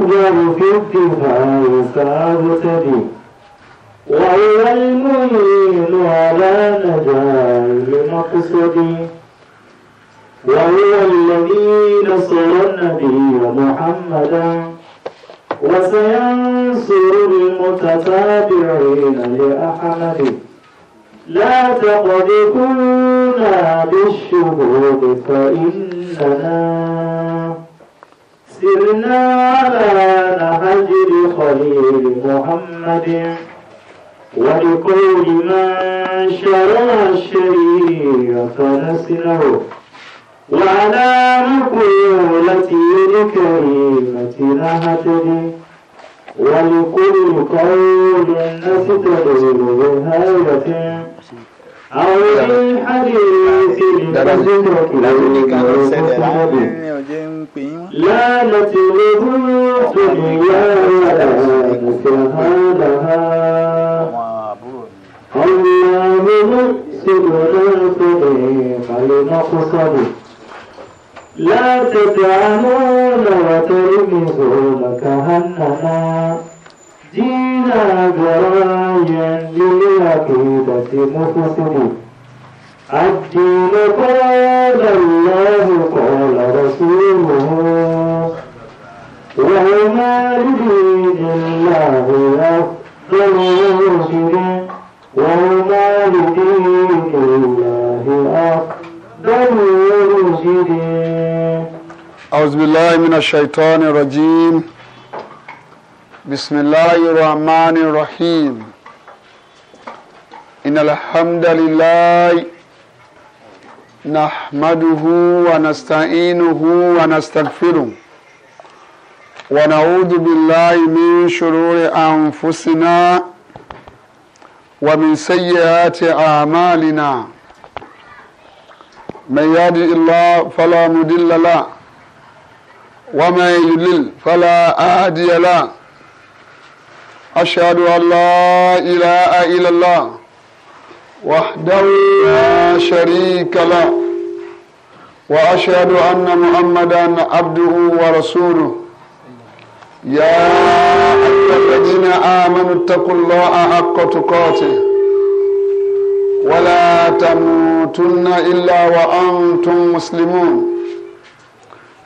يقدر في الدفاع فابتدي وهو المعين على نجاة لمقصدي وهو الذي نصر النبي محمدا وسينصر المتتابعين لأحمد لا تقذفونا بالشهود فإننا سرنا على نهج خليل محمد ولقول من شرع الشريعة نسله وعلى مقولته الكريمة نهتدي ولكل قول نستدل بهاية àwọn oníhàdìsí ìdájọ́ ìlànà kan ṣẹlẹ̀ láàrin ọjọ́ ń pè yín wá. lánàá ti lè fún ìyá rẹ̀ ìfẹ̀hánàá. ọ̀nà mímú ṣe lọ́dọ̀ pé ìbàlẹ̀ náà kó sọ́ọ̀bù. لا تطعمون وترمزون كهنما جئنا داعيا للعقيدة مفسد الدين قال الله قال رسوله وما لدين الله أفضل مرشد وما لدين الله أفضل مرشد أعوذ بالله من الشيطان الرجيم بسم الله الرحمن الرحيم إن الحمد لله نحمده ونستعينه ونستغفره ونعوذ بالله من شرور أنفسنا ومن سيئات أعمالنا من يهد الله فلا مضل له ومن يضلل فلا هادي له أشهد أن لا إله إلا الله وحده لا شريك له وأشهد أن محمدا عبده ورسوله يا الذين آمنوا اتقوا الله حق تقاته ولا تموتن إلا وأنتم مسلمون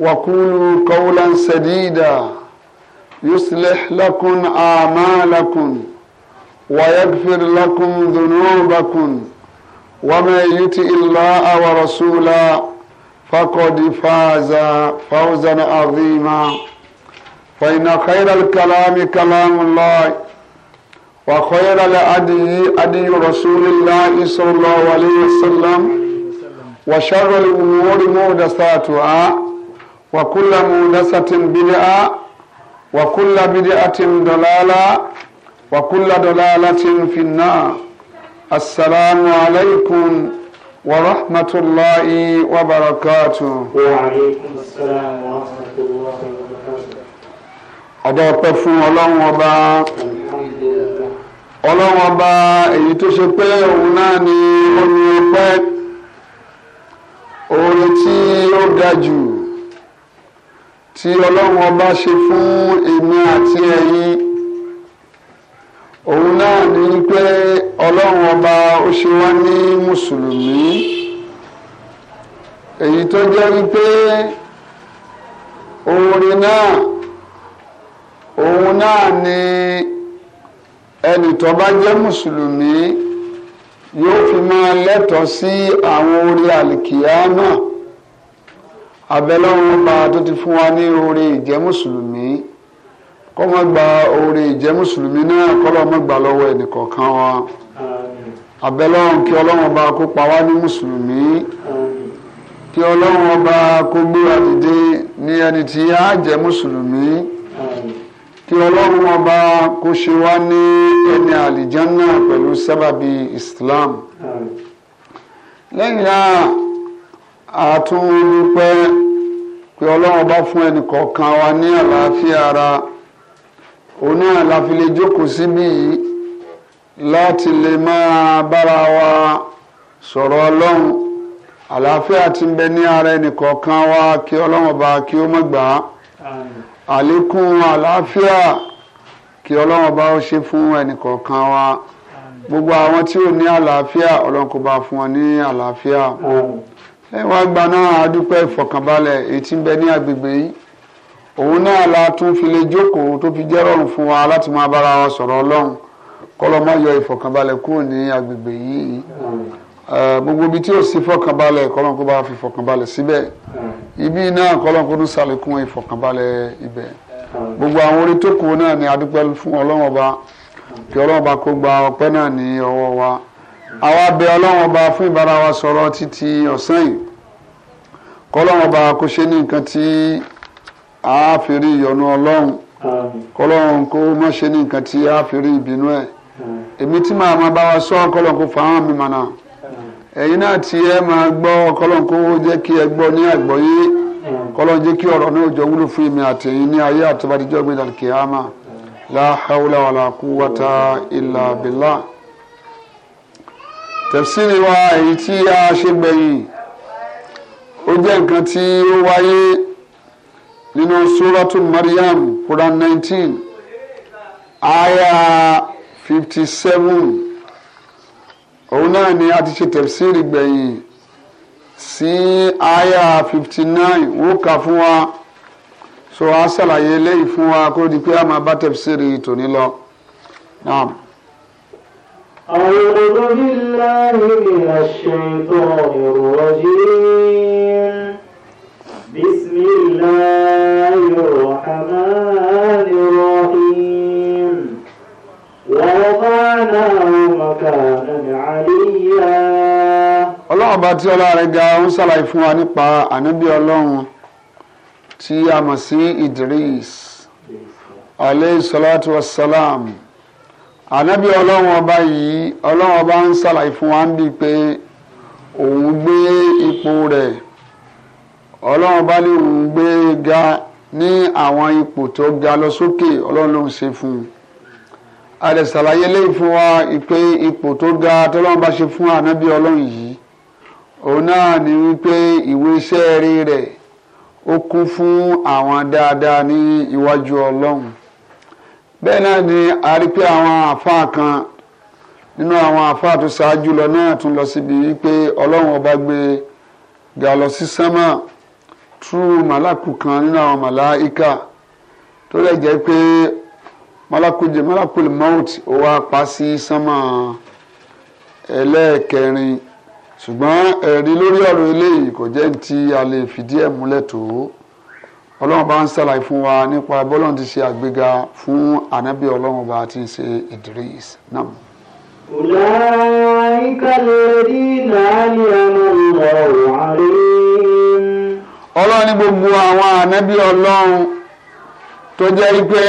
وقولوا قولا سديدا يصلح لكم اعمالكم ويغفر لكم ذنوبكم ومن يطع الله ورسوله فقد فاز فوزا عظيما فان خير الكلام كلام الله وخير الادي ادي رسول الله صلى الله عليه وسلم وشر الامور محدثاتها وكل مودسة بدعة وكل بدعة ضلالة وكل ضلالة في النار السلام عليكم ورحمة الله وبركاته وعليكم السلام ورحمة الله وبركاته أدعو فون الله وبا ọlọ́run ọba èyí tó ṣe pé òun náà ni ó ní ọpẹ́ òun tí ó ga jù tí ọlọ́run ọba ṣe fún èmi àti ẹ̀yin òun náà ní pé ọlọ́run ọba ó ṣe wá ní mùsùlùmí èyí tó jẹ́ wípé oore náà òun náà ni ẹnì tó bá jẹ́ mùsùlùmí yóò fi máa lẹ́tọ̀ọ́ sí àwọn oore àlìkìyá náà abẹ́lọ́run ọba tó ti fún wa ní oore ìjẹ́ mùsùlùmí kó má gba oore ìjẹ́ mùsùlùmí náà kọ́lọ́ má gba lọ́wọ́ ẹnìkọ̀ọ̀kan wa abẹ́lọ́run kí ọlọ́run ọba kó pa wá ní mùsùlùmí kí ọlọ́run ọba kó gbé wa ní ẹni tí á jẹ́ mùsùlùmí kí ọlọ́run ọba kó ṣe wá ní ẹni àlìjánná pẹ̀lú sábàbí Islam lẹ́yìn náà àtúndúpẹ́ pé ọlọ́run bá fún ẹnìkọ̀ọ̀kan wa ní àlàáfíà ara òun náà la fi lè jókòó síbí yìí láti lè máa bára wa sọ̀rọ̀ ọlọ́run àlàáfíà tí ń bẹ ní ara ẹnìkọ̀ọ̀kan wa kí ọlọ́run bá kí ó mọ̀ gbà á àlékún àlàáfíà kí ọlọ́run bá ó ṣe fún ẹnìkọ̀ọ̀kan wa gbogbo àwọn tí ò ní àlàáfíà ọlọ́run kó bá fún wọn ní àlàáfíà. Amen ẹ wá gba náà adúpẹ́ ìfọ̀kànbalẹ̀ èyí tí ń bẹ ní agbègbè yìí òun náà la tún fi lè jókòó tó fi jẹ́ rọrùn fún wa láti máa bára wa sọ̀rọ̀ ọlọ́run kọlọ́mọ yọ ìfọ̀kànbalẹ̀ kúrò ní agbègbè yìí gbogbo ibi tí ò sí fọ̀kànbalẹ̀ kọlọ́n kó bá fi fọ̀kànbalẹ̀ síbẹ̀ ibi náà kọlọ́n kó tún ṣàlékún ìfọ̀kànbalẹ̀ ibẹ̀ gbogbo àwọn orí tó kù náà ni adúpẹ́ fún ọlọ́run ọba kí ọlọ́run ọba kó gba ọpẹ́ náà ní ọwọ́ wa àwa bẹ ọlọ́run ọba fún ìbára wa sọ̀rọ̀ títí ọ̀sán yìí kọ́lọ́run ọba kó ṣe ní nǹkan tí a fi rí ìyọnu ọlọ́run kọ́lọ́run kó má ṣe ní nǹkan tí a fi rí ìbínú ẹ̀ èmi tí màá máa bá wa sọ kọ́lọ́run kó fa hàn mí mànà ẹ̀yin náà tí ẹ máa gbọ́ kọ́lọ́run kó jẹ́ kí ẹ gbọ́ ní àgbọ́yé kọ́lọ́run jẹ́ kí ọ̀rọ̀ náà jọ wúlò fún èmi àtẹ̀yin ní ayé àtọ́badíjọ́ gbẹ̀dàkìyàmà la hawla wala quwwata tẹ̀síìrì wa èyí tí a ṣe gbẹ̀yìn ó jẹ́ nǹkan tí ó wáyé nínú suratul Maryam Quran nineteen aya fifty seven òun náà ni a ti ṣe tẹ̀síìrì gbẹ̀yìn sí aya fifty nine wọ́n kà fún wa so a ṣàlàyé eléyìí fún wa kó di pé a máa bá tẹ̀síìrì tòní lọ. Naam. أعوذ بالله من الشيطان الرجيم بسم الله الرحمن الرحيم ورفعناه مكانا عليا ọlọ́run bá tí ọlá rẹ̀ ga ń ṣàlàyé fún wa nípa ànábì ọlọ́run tí a mọ̀ sí Idris alayhi salatu wa salam ànábì ọlọ́run ọba yìí ọlọ́run ọba ń ṣàlàyé fún wa ń bíi pé òun gbé ipò rẹ̀ ọlọ́run ọba ní òun gbé ga ní àwọn ipò tó ga lọ sókè ọlọ́run ló ń ṣe fún un àlẹ́ ṣàlàyé léyìí fún wa pé ipò tó ga tọ́lọ́run bá ṣe fún ànábì ọlọ́run yìí òun náà ní wípé ìwé iṣẹ́ rí rẹ̀ ó kún fún àwọn dáadáa ní iwájú ọlọ́run bẹ́ẹ̀ náà ni a rí pé àwọn àáfàá kan nínú àwọn àáfàá tó ṣáájú lọ náà tún lọ síbi wípé ọlọ́run ọba gbé ga lọ sí sánmà túrú màlákù kan nínú àwọn màláíkà tó lè jẹ́ pé malakuje malakul mount ó wá pa sí sánmà ẹlẹ́ẹ̀kẹrin ṣùgbọ́n ẹ̀rí lórí ọ̀rọ̀ eléyìí kò jẹ́ ti a lè fìdí ẹ̀ múlẹ̀ tó. ọlọ́run bá ń ṣàlàyé fún wa nípa ti ṣe àgbéga fún ànábì ọlọ́run bá ti ṣe Idris náà. ọlọ́run ní gbogbo àwọn ànábì ọlọ́run tó jẹ́ pé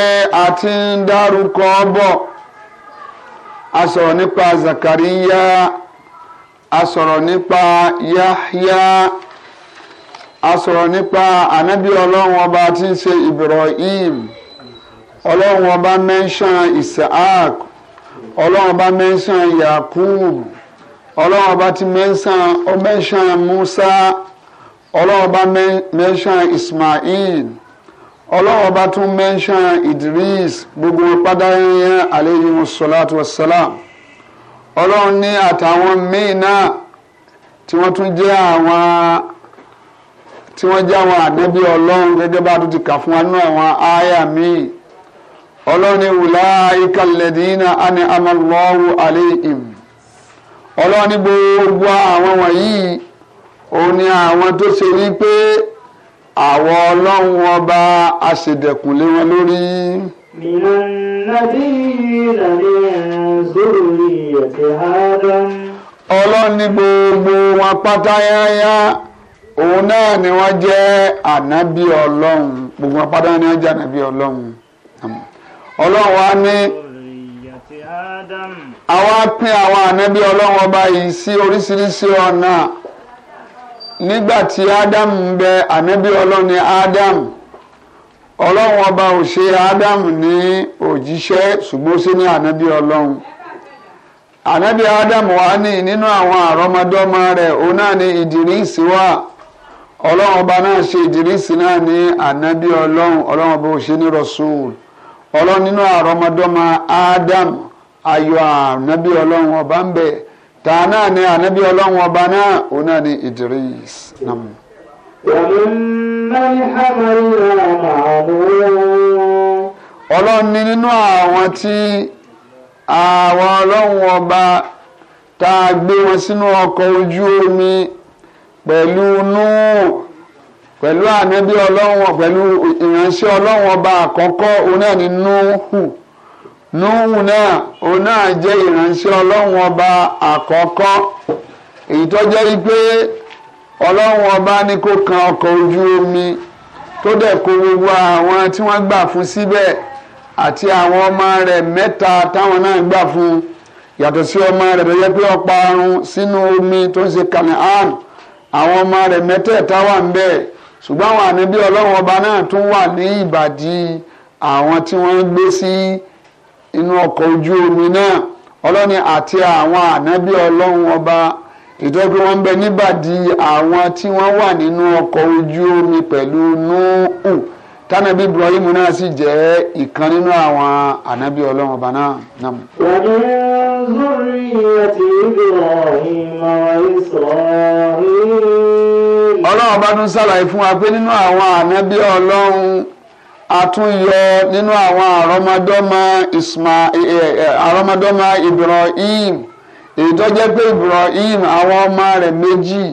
a ti ń dárúkọ bọ̀ a sọ̀rọ̀ nípa Zakariya a sọ̀rọ̀ nípa Yahya. a sọ̀rọ̀ nípa ànábì ọlọ́run ọba tí ń ṣe Ibrahim ọlọ́run ọba mẹ́ńṣán Isaac ọlọ́run ọba mẹ́ńṣán Yakub ọlọ́run ọba ti mẹ́ńṣán ọmẹ́ńṣán Musa ọlọ́run ọba mẹ́ńṣán Ismail ọlọ́run ọba tún mẹ́ńṣán Idris gbogbo pátáyẹn aleyhi musalatu wasalam ọlọ́run ní àtàwọn míì náà tí wọ́n tún jẹ́ àwọn. tí wọ́n jẹ́ àwọn ànábì ọlọ́run gẹ́gẹ́ bá a tún ti kà fún wa nínú àwọn àyà míì ọlọ́run ní wùlá na àni amallahu alayhim ọlọ́run ní gbogbo àwọn wọ̀nyí òun ni àwọn tó ṣe ní pé àwọn ọlọ́run ọba aṣèdẹ̀kùn lé wọn lórí. mìíràn ìlànà zoro ni ọlọ́run gbogbo wọn pátá yáyá. òun náà ni wọ́n jẹ́ ànábì ọlọ́run gbogbo ni wọ́n jẹ́ ànábì ọlọ́run ọlọ́run wa ní àwa pín àwọn ànábì ọlọ́run ọba yìí sí oríṣiríṣi ọ̀nà nígbà tí bẹ ànábì ọlọ́run ni ádámù ọlọ́run ọba ò ṣe ádámù ní òjíṣẹ́ ṣùgbọ́n ó ṣe ní ànábì ọlọ́run ànábì wa ní nínú àwọn àrọ́mọdọ́mọ rẹ̀ òun náà ọlọ́run ọba náà ṣe ìdírísì náà ní ànábì ọlọ́run ọlọ́run ọba ò ṣe ní rasul ọlọ́run nínú àrọ́mọdọ́mọ Adam ayọ̀ ànábì ọlọ́run ọba ń bẹ tá a náà ní ànábì ọlọ́run ọba náà òun náà ní ìdírís nam. ọlọ́run ní nínú àwọn tí àwọn ọlọ́run ọba tá a gbé wọn sínú ọkọ̀ ojú omi pẹ̀lú Nuhu pẹ̀lú ànábì ọlọ́wọ́n pẹ̀lú ìránṣẹ́ ọlọ́wọ́n ọba àkọ́kọ́ òun náà ni Nuhu Nuhu náà òun náà jẹ́ ìránṣẹ́ ọlọ́wọ́n ọba àkọ́kọ́ èyí tó jẹ́ wípé ọlọ́wọ́n ọba ní kó kan ọkọ̀ ojú omi tó dẹ̀ kó gbogbo àwọn tí wọ́n gbà fún síbẹ̀ àti àwọn ọmọ rẹ̀ mẹ́ta táwọn náà gbà fún yàtọ̀ sí ọmọ rẹ̀ tó yẹ pé ó sínú omi tó ń ṣe kànáà àwọn ọmọ rẹ̀ mẹ́tẹ̀ẹ̀ta wà ń bẹ̀ ṣùgbọ́n àwọn ànábì ọlọ́run ọba náà tún wà ní ìbàdí àwọn tí wọ́n ń gbé sí inú ọkọ̀ ojú omi náà ọlọ́ni àti àwọn ànábì ọlọ́run ọba ìtọ́jú wọn ń bẹ níbàdí àwọn tí wọ́n wà nínú ọkọ̀ ojú omi pẹ̀lú núhù tánàbí Ibrahim náà sì jẹ́ ìkan nínú àwọn ànábì ọlọ́run ọba náà nàm. ọlọ́run ọba tún ṣàlàyé fún wa pé nínú àwọn ànábì ọlọ́run àtúnyọ nínú àwọn àrọmọdọ́mọ eh, eh, eh, àrọmọdọ́mọ Ibrahim èyí tó jẹ́ pé Ibrahim àwọn ọmọ rẹ̀ méjì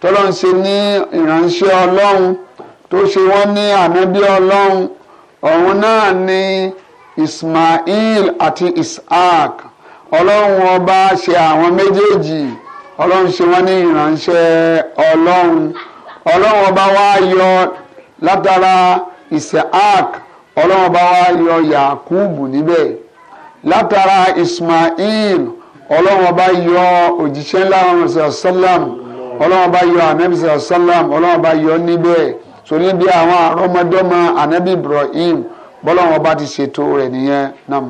tọ́lọ́run ṣe ní ìránṣẹ́ ọlọ́run tó ṣe wọ́n ní ànábí ọlọ́run ọ̀hún náà ni Ismail àti Ishaq ọlọ́run ọba ṣe àwọn méjèèjì ọlọ́run ṣe wọ́n ní ìránṣẹ́ ọlọ́run ọlọ́run ọba wa yọ látara Ishaq ọlọ́run ọba wa yọ Yakubu níbẹ̀ látara Ismail ọlọ́run ọba yọ òjíṣẹ́ ńlá ọ̀run sàlám ọlọ́run ọba yọ ànábì sàlám ọlọ́run ọba yọ níbẹ̀ torí bí àwọn àrọ́mọdọ́mọ Anabi Ibrahim bọ́lọ́wọ́n bá ti ṣètò rẹ̀ nìyẹn náà.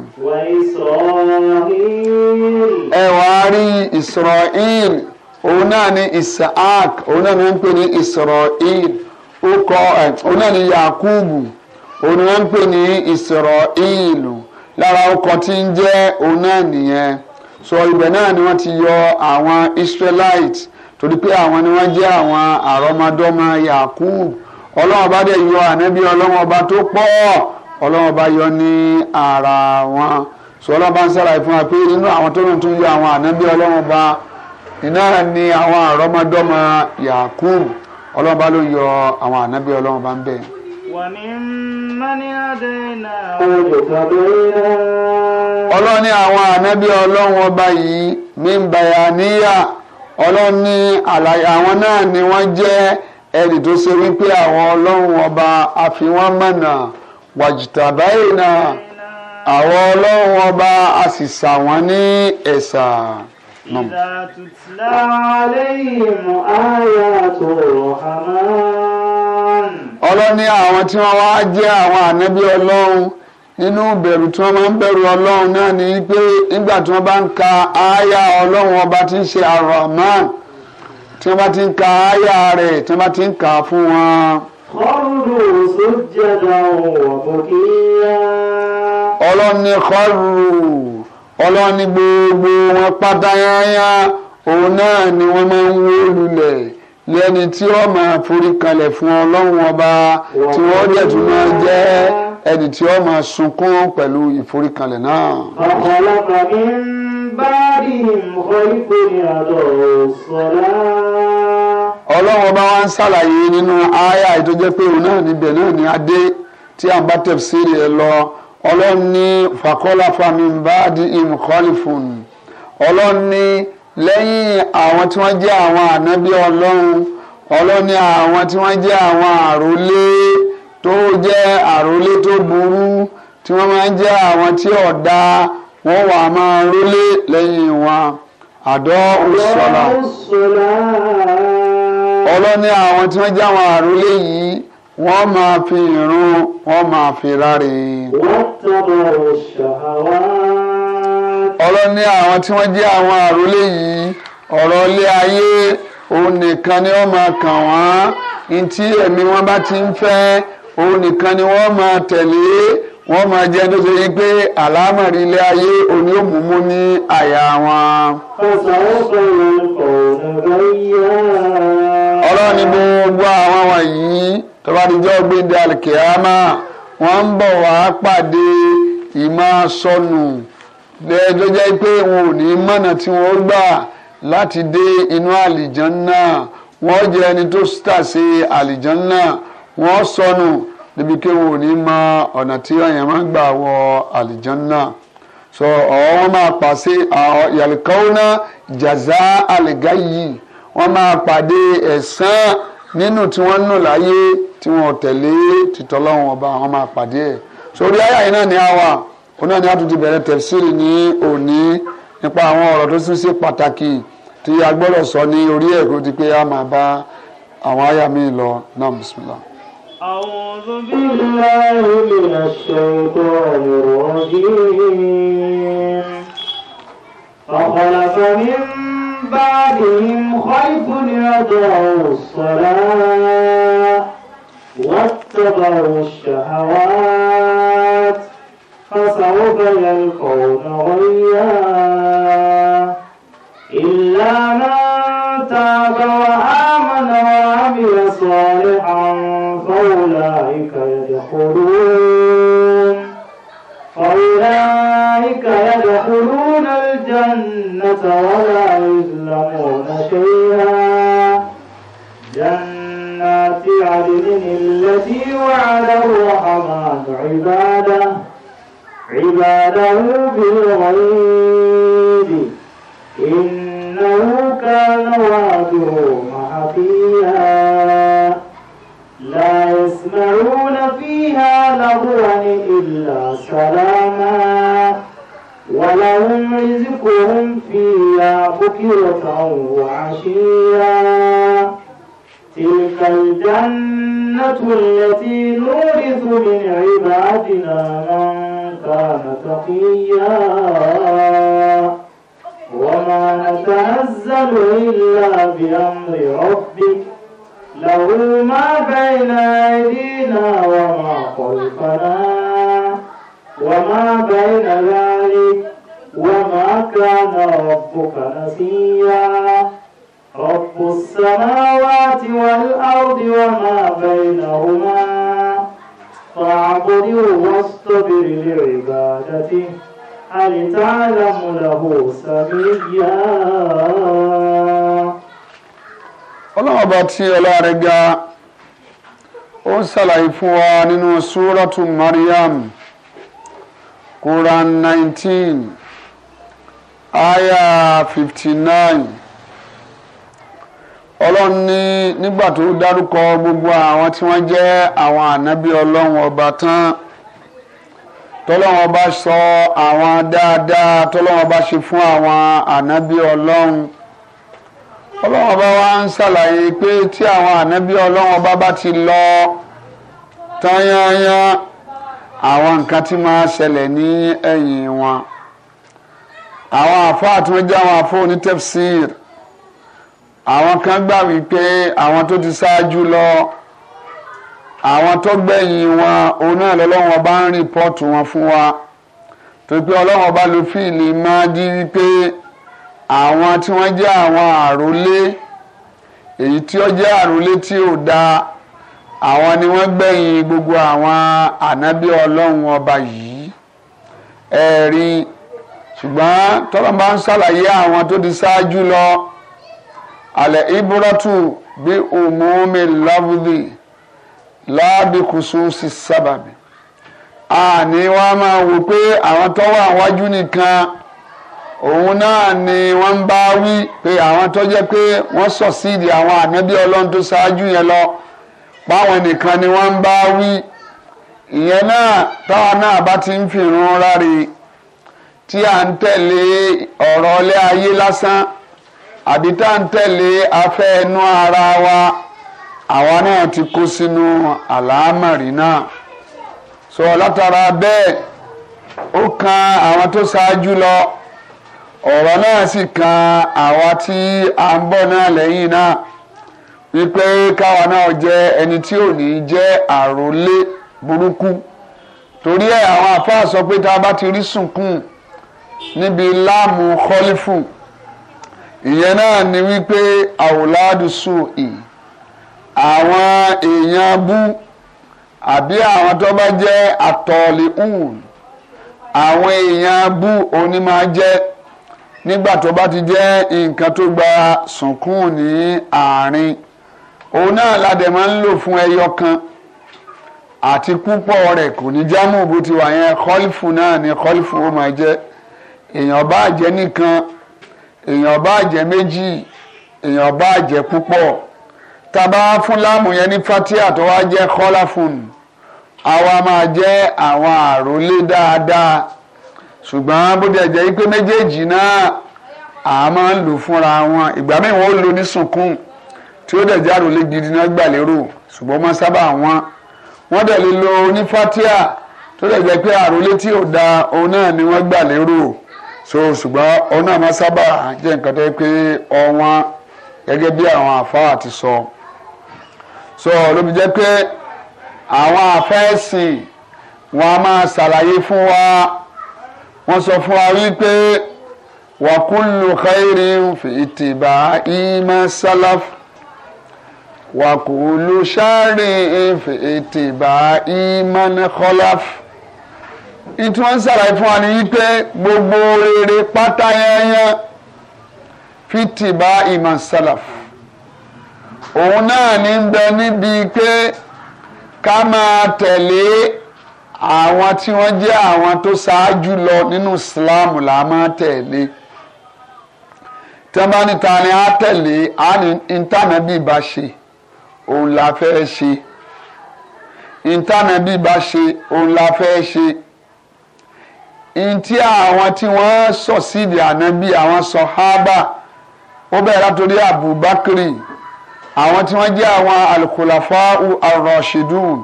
ẹ wàá rí Israel òun náà ni Isaac òun náà ni wọ́n ń pè ní Israel ó kọ ẹ̀ òun náà ni Yakubu òun ni wọ́n ń pè ní Israel lára ọkọ̀ tí ń jẹ́ òun náà nìyẹn sọ ibẹ̀ náà ni wọ́n ti yọ àwọn Israelite torí pé àwọn ni wọ́n jẹ́ àwọn àrọ́mọdọ́mọ Yakubu ọlọ́run ọba dẹ̀ yọ ànábì ọlọ́run ọba tó pọ̀ ọlọ́run ọba yọ ní ara wọn sọ ọlọ́run bá ń ṣàlàyé fún wa pé nínú àwọn tó ń tún yọ àwọn ànábì ọlọ́run ọba iná ni àwọn àrọ́mọdọ́mọ Yakub ọlọ́run ọba ló yọ àwọn ànábì ọlọ́run ọba ń bẹ̀. ọlọ́run ní àwọn ànábì ọlọ́run ọba yìí mímbàyà níyà ọlọ́run ní àwọn náà ni wọ́n jẹ́ ẹni tó ṣe wípé àwọn ọlọ́run ọba àfiwọ́n mọ̀nà wàjìtà báyìí náà àwọn ọlọ́run ọba a sì ṣà wọ́n ní ẹ̀sà إذا تتلى عليهم àwọn tí wọ́n wá jẹ́ àwọn ànábí ọlọ́run nínú bẹ̀rù tí wọ́n máa bẹ̀rù ọlọ́run náà ni pé tí wọ́n bá ka ọlọ́run ọba tí ń ṣe tí wọ́n bá ti ń ka àyà rẹ̀ tí wọ́n bá ti ń kà á fún wọn. kọ́rù sójàdá ọ̀pọ̀ kíyà. ọlọ́ni kọ́rù ọlọ́ni gbogbo wọn pátá yányá òun náà ni wọ́n máa ń wó lulẹ̀ lẹ́ni tí ó máa forí kalẹ̀ fún ọlọ́run ọba tí wọ́n dẹ̀ tún máa jẹ́ ẹni tí ó máa sunkún pẹ̀lú ìforíkalẹ̀ náà. ọ̀pọ̀lọpọ̀ mi ń ba'dihim khayfun yad'u as-salah. ọlọ́wọ́ bá wá ń ṣàlàyé nínú àyà tó jẹ́ pé òun náà níbẹ̀ náà ní adé tí a ń bá tẹ̀síìrì ẹ lọ ọlọ́run ní fakọ́láfà min ba'dihim khalifun ọlọ́run ní lẹ́yìn àwọn tí wọ́n jẹ́ àwọn ànábí ọlọ́run ọlọ́run ní àwọn tí wọ́n jẹ́ àwọn àrólé tó jẹ́ àrólé tó burú tí wọ́n máa ń jẹ́ àwọn tí ọ̀dà wọ́n wà á máa rólé lẹ́yìn wọn àdó òṣòlá ọlọ́ni àwọn tí wọ́n já wọn àrólé yìí wọ́n máa fi ìrun wọ́n máa fi ráre. ọlọ́ni àwọn tí wọ́n jẹ́ àwọn àrólé yìí ọ̀rọ̀ ilé ayé òun nìkan ni wọ́n máa kàn wọ́n ní tí ẹ̀mí wọn bá ti ń fẹ́ òun nìkan ni wọ́n máa tẹ̀lé wọ́n máa jẹ́ tó ṣe pé àlámọ̀rí ilé ayé òní òmùmú ní àyà wọn. ọlọ́run ní gbogbo àwọn wọ̀nyí tó bá ti jọ́ gbéde àlìkèámà wọ́n ń bọ̀ wá pàdé ìmọ̀ sọnù lẹ́ẹ̀dọ́ jẹ́ pé wọn ò ní mọ̀nà tí wọ́n gbà láti dé inú àlìjánná wọ́n jẹ́ ẹni tó tà sí àlìjánná wọ́n sọnù. So níbi kéwòn ò ní mọ ọ̀nà tí ọ̀yàn máa ń gbà wọ àlìjánná so ọ̀wọ́n máa pàṣẹ yàlùkọ́wọ́nà jàzá àlìgá yìí wọ́n máa pàdé ẹ̀san nínú tí wọ́n ń nù láyé tí wọ́n tẹ̀lé tìtọ́lọ́wọ́n ọba àwọn máa pàdé ẹ̀ sórí ayé àyè náà ni a wà òun náà ni a tún ti bẹ̀rẹ̀ tẹ̀síìrì ní òní nípa àwọn ọ̀rọ̀ tó tún ṣe pàtàkì tí a sọ ní orí ẹ̀ kó di pé a máa bá àwọn àyà mi lọ náà bisimilá. أعوذ بالله من الشيطان الرجيم فخلف من بعدهم خلف يدعوا الصلاة واتبعوا الشهوات فسوف يلقون غيا إلا من يدخلون فأولئك يدخلون الجنة ولا يظلمون شيئا جنات عدن التي وعد الرحمن عباده عباده بالغيب إنه كان وعده محقيا لا يسمعون نظرني إلا سلاما ولهم رزقهم فيها بكرة وعشيا تلك الجنة التي نورث من عبادنا من كان تقيا وما نتنزل إلا بأمر ربك له ما بين أيدينا وما خلفنا وما بين ذلك وما كان ربك نسيا رب السماوات والأرض وما بينهما فاعبده واصطبر لعبادته هل تعلم له سميا ọlọ́run ọba tí ọlọ́run ga ó ń ṣàlàyé fún wa nínú súrọ́tù Mariam Quran 19, aya 59. nine ọlọ́run ní nígbà tó dárúkọ gbogbo àwọn tí wọ́n jẹ́ àwọn ànábì ọlọ́run ọba tán tọ́lọ́run ọba sọ àwọn dáadáa tọ́lọ́run ọba ṣe fún àwọn ànábì ọlọ́run ọlọ́run ọba wa ń ṣàlàyé pé tí àwọn ànábí ọlọ́run ọba bá ti lọ tányányán àwọn nǹkan tí máa ṣẹlẹ̀ ní ẹ̀yìn wọn àwọn àfọ àtúnjẹ àwọn àfọ onítẹ̀fsíìr àwọn kan gbà wípé àwọn tó ti ṣáájú lọ àwọn tó gbẹ̀yìn wọn òun náà lọ́lọ́run ọba ń rìpọ́ọ̀tù wọn fún wa torí pé ọlọ́run ọba ló fìlì máa dí wípé àwọn tí wọ́n jẹ́ àwọn àròlé èyí tí ó jẹ́ àròlé tí ò dáa àwọn ni wọ́n gbẹ̀yìn gbogbo àwọn ànábì ọlọ́run ọba yìí ẹ̀rí ṣùgbọ́n tọ́lọ́ máa ń ṣàlàyé àwọn tó ti ṣáájú lọ àlẹ́ ibùrọ̀tù bí òmùmí lọ́bùdì lábìkùsù sí sábàbí àní wọ́n máa wò pé àwọn tó wà nìkan òun náà ni wọ́n ń bá wí pé àwọn tó jẹ́ pé wọ́n sọ̀sídìí àwọn ànábì ọlọ́run tó ṣáájú yẹn lọ báwọn nìkan ni wọ́n ń bá wí ìyẹn náà táwọn náà bá ti ń fìrun ráre tí à ń tẹ̀lé ọ̀rọ̀ ilé ayé lásán àbí tá à ń tẹ̀lé afẹ́ ẹnu ara wa àwa náà ti kó sínú àlámọ̀rí náà sọ látara bẹ́ẹ̀ ó kan àwọn tó ṣáájú lọ ọ̀rọ̀ náà sì kan àwa tí a ń bọ̀ náà lẹ́yìn náà wípé káwa náà jẹ́ ẹni tí ò ní jẹ́ àròlé burúkú torí ẹ̀ àwọn àfáà sọ pé tá a bá ti rí sùnkún níbi láàmú kọ́lífù ìyẹn náà ni wípé àwòládùsù ì àwọn èèyàn bú àbí àwọn tó bá jẹ́ àtọ̀ọ̀lì hùn àwọn èèyàn bú òní máa jẹ́ nígbà tó bá ti jẹ́ nǹkan tó gba sùnkún ní àárín òun náà ládẹ máa ń lò fún ẹyọ kan àti púpọ̀ rẹ̀ kò ní jámù bó ti wà yẹn kọ́lífù náà ni kọ́lífù ó máa jẹ́ èèyàn bá jẹ́ nìkan èèyàn bá jẹ́ méjì èèyàn bá jẹ́ púpọ̀ tàbá fún láàmù yẹn ní fatia tó wá jẹ́ kọ́láfùn àwa máa jẹ́ àwọn àròlé dáadáa ṣùgbọ́n bó dẹ̀ jẹ́ pé méjèèjì náà a máa ń lò fúnra wọn ìgbà míì wọ́n lò ní sunkún tí ó dẹ̀ jẹ́ àròlé gidi náà gbà lérò ṣùgbọ́n máa sábà wọn wọ́n dẹ̀ lè lo ní fatia tó dẹ̀ jẹ́ pé àròlé tí ò da òun náà ni wọ́n gbà lérò so ṣùgbọ́n òun náà máa sábà jẹ́ nǹkan tó yẹ pé ọ̀wọ́n gẹ́gẹ́ bí àwọn àfáà ti sọ so ló fi jẹ́ pé àwọn àfẹ́sìn wọn a máa ṣàlàyé fún wa wọ́n sọ fún wa wípé wa kullu khairin fi ittiba'i ma salaf wa kullu sharrin fi ittiba'i man khalaf ìtú wọn ṣàlàyé fún wa ní wípé gbogbo rere pátá yányán fi ittiba'i ma salaf òun náà ní bẹ níbi pé ká máa tẹ̀lé àwọn tí wọ́n jẹ́ àwọn tó ṣáájú lọ nínú Islam là máa tẹ̀lé tí ní ta ni á tẹ̀lé á ní intanẹ́bì bá ṣe òun la fẹ́ ṣe intanẹ́bì bá ṣe òun la fẹ́ ṣe ntí àwọn tí wọ́n sọ sídìí ànábì àwọn sọ̀hábà ó bẹ̀rẹ̀ látòrí Abubakar àwọn tí wọ́n jẹ́ àwọn alukulafa arọ̀ṣidùn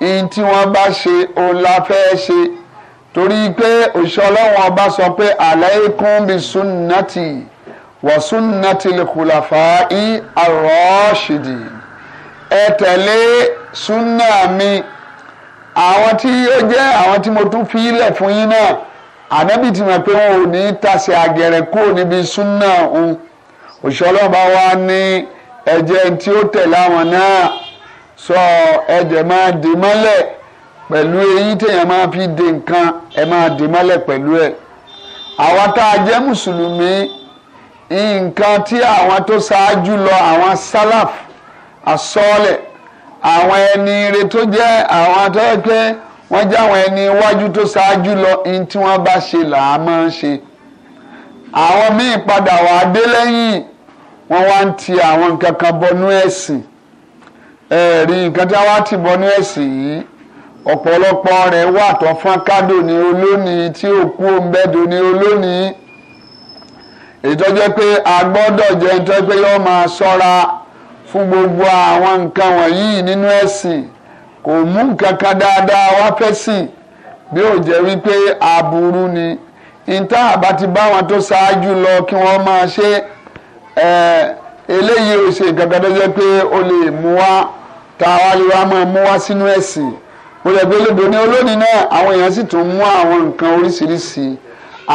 ihun tí wọ́n bá ṣe òun la fẹ́ ṣe torí pé òṣìṣẹ́ ọlọ́run ọba sọ pé alaykum bi sunnati wa sunnati l-khulafa'i ar ẹ tẹ̀lé sunna mi àwọn tí ó jẹ́ àwọn tí mo tún fi ilẹ̀ fún yín náà ànábì ti mọ̀ pé wọn ò ní tàṣẹ̀ àgẹ̀rẹ̀ kúrò níbi sunna òun òṣìṣẹ́ ọlọ́run bá wá ní ẹ̀jẹ̀ tí ó tẹ̀lé àwọn náà sọ ẹ̀dẹ̀ máa dè mọ́lẹ̀ pẹ̀lú eyín téèyàn máa fi dè nǹkan ẹ̀ máa dè mọ́lẹ̀ pẹ̀lú ẹ̀ àwa tá a jẹ́ mùsùlùmí nǹkan tí àwọn tó ṣáájú lọ àwọn sálàf asọ́ọ̀lẹ̀ àwọn ẹni ire tó jẹ́ àwọn atẹ́kẹ́ wọ́n jẹ́ àwọn ẹni iwájú tó ṣáájú lọ ní tí wọ́n bá ṣe là á máa ń ṣe àwọn míì padà wà á dé lẹ́yìn wọ́n wá ń ti àwọn nǹkan kan bọnú ẹ̀sìn. E ẹ̀rí nǹkan tí a wá tìbọn ní ẹ̀sìn yìí ọ̀pọ̀lọpọ̀ rẹ̀ wà tó fọ́n kádò ní olónìí tí òkú òǹbẹ́dò ní olónìí ìtọ́jẹ́ pé a jẹ́ nítorí pé yọ́ máa ṣọ́ra fún gbogbo àwọn nǹkan wọ̀nyí nínú ẹ̀sìn kò mú nǹkan kan dáadáa wá fẹ́ sìn bí ó jẹ́ wípé aburú ni ìta àbá ti bá wọn tó ṣáájú lọ kí wọ́n máa ṣe ẹ̀ẹ́ eléyìí ò ṣe gangan tó jẹ́ pé o lè mú wá tá a wá lè wá máa mú wá sínú ẹ̀sìn mo lè gbé lóde ní olónìí náà àwọn èèyàn sì tún mú àwọn nǹkan oríṣiríṣi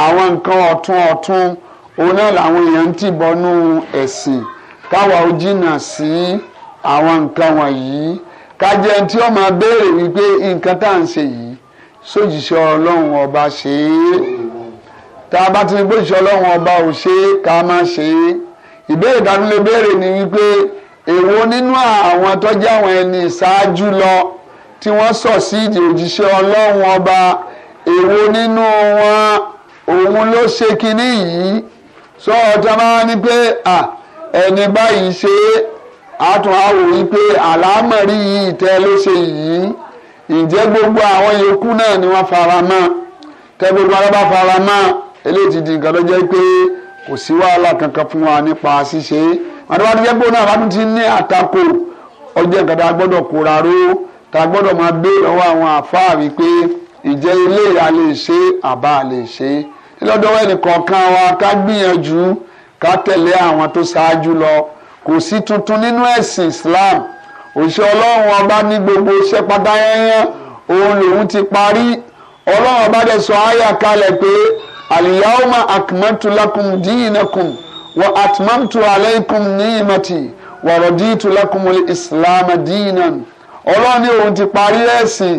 àwọn nǹkan ọ̀tún ọ̀tún òun náà làwọn èèyàn ń tìbọnú ẹ̀sìn káwa ó jìnnà sí àwọn nǹkan wọ̀nyí kájẹ tí ó máa béèrè wípé nǹkan tá à ń ṣe yìí sójìṣẹ́ ọlọ́run ọba ṣe é tá a bá ti ní pé òṣìṣẹ́ ọlọ́run ọba ò ṣe é ká má ṣe é ìbéèrè dání lè béèrè ni wípé èwo nínú àwọn tọ́jú àwọn ẹni ìṣáájú lọ tí wọ́n sọ sí ìdí òjíṣẹ́ ọlọ́run ọba èwo nínú wọn òun ló ṣe kinní yìí sọ ọ̀tá máa ní pé à ẹni báyìí ṣe àtún àwò wípé àlámọ̀rí yìí tẹ́ ló ṣe yìí ǹjẹ́ gbogbo àwọn yòókù náà ni wọ́n fara mọ́ tẹ́ gbogbo ara bá fara mọ́ eléyìí ti di nǹkan ló pé kò sí wàhálà kankan fún wa nípa ṣíṣe àdúrà tó jẹ́ pé òun náà bá tún ti ní àtakò ọjọ́ nǹkan tá a gbọ́dọ̀ kóra ró tá a gbọ́dọ̀ máa bé lọ́wọ́ àwọn àfáà wípé ìjẹ́ ilé ìyá lè ṣe àbá lè ṣe lọ́dọ̀ ẹnìkọ̀ọ̀kan wa ká gbìyànjú ká tẹ̀lé àwọn tó ṣáájú lọ kò sí tuntun nínú ẹ̀sìn Islam òṣìṣẹ́ ọlọ́run ọba ní gbogbo iṣẹ́ pátá yẹn yẹn òun lòun ti parí ọlọ́run ọba dẹ̀ sọ ayà kalẹ̀ pé àlìyáwòmá àkùmọ́tòlákùm dìínàkùm wà àtùmọ́tò àlẹ́kùm níyìmọ̀tì wà rọ̀dìtòlákùm ìsìlámà dìínàn ọlọ́ọ̀ni òun ti parí ẹ̀sìn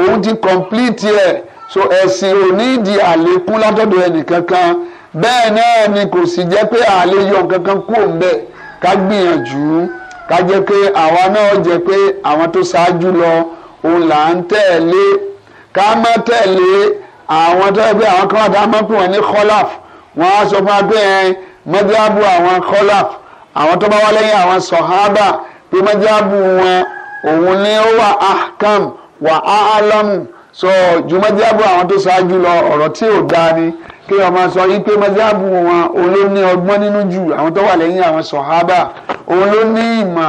òun ti kọ̀m̀plìtì ẹ̀ so ẹ̀sìn ò ní di àlékún látọ̀dọ̀ ẹnìkankan bẹ́ẹ̀ náà ni kò sì jẹ́ pé àlè yọ kankan kú òun ká gbìyànjú ká jẹ́ pé àwa náà jẹ́ pé àwọn tó ṣáájú lọ òun là ń tẹ̀lé ká má tẹ̀lé àwọn tó yẹ pé àwọn kan wà tá a máa ń pè wọ́n ní kọ́láf wọ́n á sọ fún wa pé ẹ mọ́jáàbù àwọn kọ́láf àwọn tó bá wá lẹ́yìn àwọn sọ̀hábà pé mọ́jáàbù wọn òun ni ó wà ahkam wà áhàlámù sọ ju mọ́jáàbù àwọn tó ṣáájú lọ ọ̀rọ̀ tí ò dáa ni kí ọmọ sọ yìí pé mọ́jáàbù wọn òun ló ní ọgbọ́n nínú jù àwọn tó wà lẹ́yìn àwọn sọ̀hábà òun ló ní ìmọ̀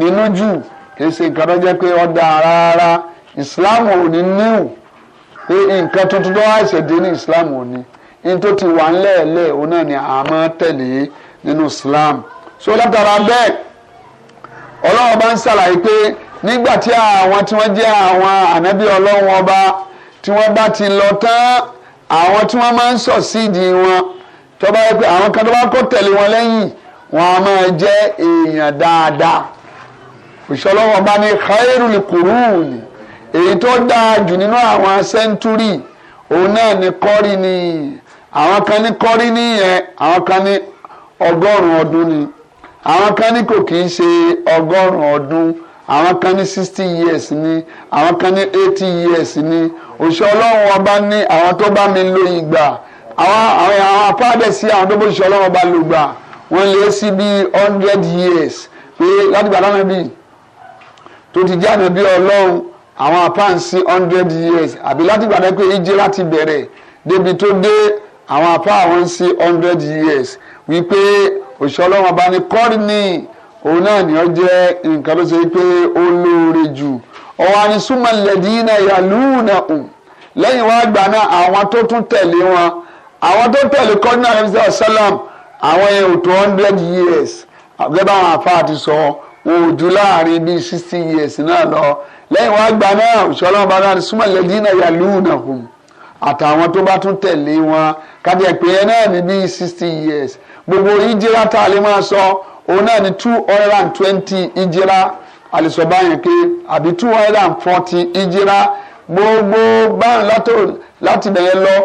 nínú jù kì í ṣe nǹkan tó jẹ́ pé ó rárá ìsìláàmù ò ní níwù pé nǹkan tuntun tó wá ṣèdè ní islam ò ní ní tó ti wà ńlẹ̀ẹ́lẹ̀ òun náà ni a tẹ̀lé nínú islam so látara bẹ́ẹ̀ ọlọ́run bá ń ṣàlàyé pé nígbà tí àwọn tí wọ́n jẹ́ àwọn ànábì ọlọ́run ọba tí wọ́n bá ti lọ tán àwọn tí wọ́n máa ń sọ sídìí wọn tó yẹ pé àwọn kan tó bá kó tẹ̀lé wọn lẹ́yìn wọn a máa jẹ́ èèyàn dáadáa òṣèlú ọba ní khairul quruni èyí tó dáa jù nínú àwọn sẹ́ńtúrì òun náà ni kọ́rí ni àwọn kan ní kọ́rí nìyẹn àwọn kan ní ọgọ́rùn-ún ọdún ni àwọn kan ní kò kì í ṣe ọgọ́rùn-ún ọdún àwọn kan ní sixty years ni àwọn kan ní eighty years ni òṣìṣẹ́ ọlọ́run ọba ní àwọn tó bá mi lo ìgbà àwọn àwọn àwọn apáàdé sí àwọn tó bó ṣiṣẹ́ ọlọ́run ọba lo ìgbà wọ́n lé sí bí hundred years pé láti gbàdánù bíi tó ti jáde bí ọlọ́run àwọn apáǹsí hundred years àbí láti gbàdá pé ìjẹ́ láti bẹ̀rẹ̀ débi tó dé àwọn apá àwọn sí hundred years wípé òṣìṣẹ́ ọlọ́run ọba ní kọ́rin ní òun náà ni ó jẹ́ nǹkan tó ṣe pé ó lóore jù ọwọ́ ni súnmọ́ lẹ́dínà yàlúùnà hùn lẹ́yìn wá gbà náà àwọn tó tún tẹ̀lé wọn àwọn tó tẹ̀lé kọ́rin náà ẹ̀mí sàlám àwọn yẹn ò tó hundred years gẹ́gẹ́ bá àwọn àfa àti sọ wọn láàrin bíi sixty years náà lọ lẹ́yìn wá gba náà òṣìṣẹ́ ọlọ́run bá náà súnmọ́ lẹ́dínà yà lúùnàhùn àtàwọn tó bá tún tẹ̀lé wọn kájẹ pé ẹ náà ní bíi sixty years gbogbo ìjìrá tá a lè máa sọ òun náà ní two hundred and twenty ìjìrá àlìsọ̀bá yẹn ké àbí two hundred and forty ìjìrá gbogbo báyìí látò láti bẹ̀yẹ lọ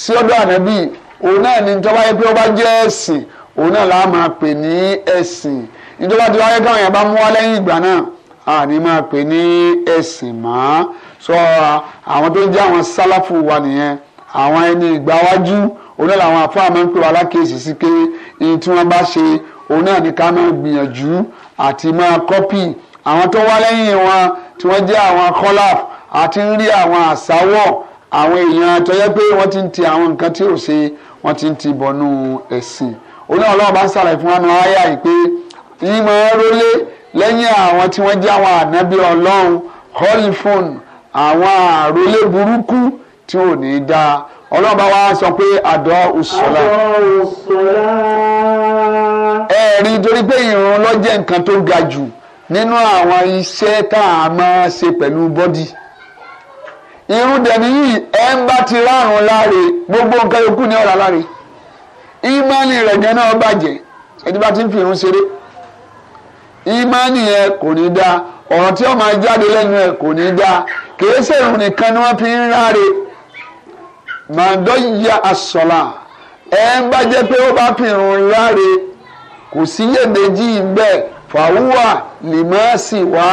sí ọ̀dọ̀ ànábì òun náà ní tọ́ba yẹ pé ó bá jẹ́ ẹ̀sìn òun náà là máa pè ní ẹ̀sìn ìjọba tí wáyé káwọn yẹn bá mú wá lẹ́yìn ìgbà náà àní máa pè ní ẹ̀sìn mọ́ sọ àwọn tó ń jẹ́ àwọn sálàfù wa nìyẹn àwọn ẹni ìgbàwájú òun náà làwọn àfọ àmọ́ ń pè wá lákèésí sí pé iye tí wọ́n bá ṣe òun náà ní ká máa gbìyànjú àti máa kọ́pì àwọn tó wá lẹ́yìn wọn tí wọ́n jẹ́ àwọn kọ́láf àti ń rí àwọn àsáwọ̀ àwọn èèyàn tó yẹ pé wọ́n ti ń ti àwọn nǹkan tí ò ṣe wọ́n ti ń ti bọ̀nú ẹ̀sìn òun náà ọlọ́run bá ń ṣàlàyé fún wọn nù yìí pé ìmọ̀ ọ́ lólé lẹ́yìn àwọn tí wọ́n jẹ́ àwọn ànábì ọlọ́run holifon àwọn àròlé burúkú tí ò ní í dáa ọlọ́run bá wá sọ pé àdọ́ òṣùlá. ẹ̀rí torí pé ìrun ló jẹ́ nǹkan tó ga jù nínú àwọn iṣẹ́ tá a máa ṣe pẹ̀lú bọ́dì irun dẹ̀mí yìí ẹ̀ ń bá ti rárun láre gbogbo nǹkan yòókù ní ọ̀rá láre ìmánì rẹ̀ gan náà bàjẹ́ ẹni bá ti ń fi irun ṣeré ìmánì yẹn kò ní dáa ọ̀rọ̀ tí ó máa jáde lẹ́nu ẹ̀ kò ní dáa kìí sẹ́rùn nìkan ni wọ́n fi ń ráre màdọ́ ya àsọ̀là ẹ ń bá jẹ́ pé ó bá fi rùn ráre kò sí iyèméjì bẹ́ẹ̀ fàwúwà lìmọ́sì wá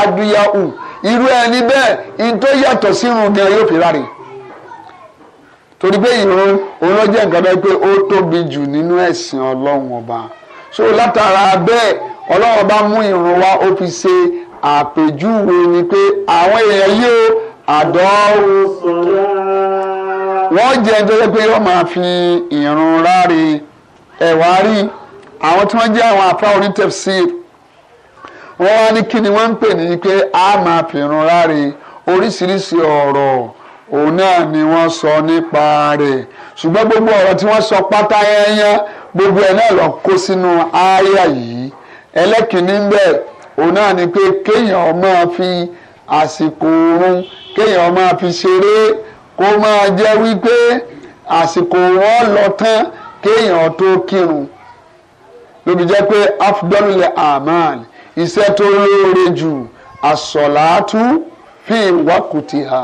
adúyàwó irú ẹni bẹ́ẹ̀ n tó yàtọ̀ sírun gan yóò fi ráre torí pé ìrun òun ló jẹ́ nǹkan bẹ́ẹ̀ pé ó tóbi jù nínú ẹ̀sìn ọlọ́run ọba so látara bẹ́ẹ̀ ọlọ́run bá mú ìrun wa ó fi ṣe àpèjúwe ni pé àwọn èèyàn yóò àdọ́ wọ́n jẹ́ nítorí pé wọ́n máa fi ìrun ráre ẹ̀wà rí àwọn tí wọ́n jẹ́ àwọn àfa onítẹ̀fsíìrì wọ́n wá ní kí ni wọ́n ń pè ní pé a máa fi ìrun ráre oríṣiríṣi ọ̀rọ̀ òun náà ni wọ́n sọ nípa rẹ̀ ṣùgbọ́n gbogbo ọ̀rọ̀ tí wọ́n sọ pátá yẹn yẹn gbogbo ẹ̀ náà lọ kó sínú àyà yìí ẹlẹ́kìnní ń bẹ̀ òun náà ni pé kéèyàn máa fi àsìkò oorun kéèyàn máa fi ṣeré kó máa jẹ́ wípé àsìkò wọn lọ tán kéèyàn tó kírun lóbi jẹ́ pé afdọ́lulẹ̀ aman iṣẹ́ tó lóore jù àsọ̀làátú fi wákùtì hà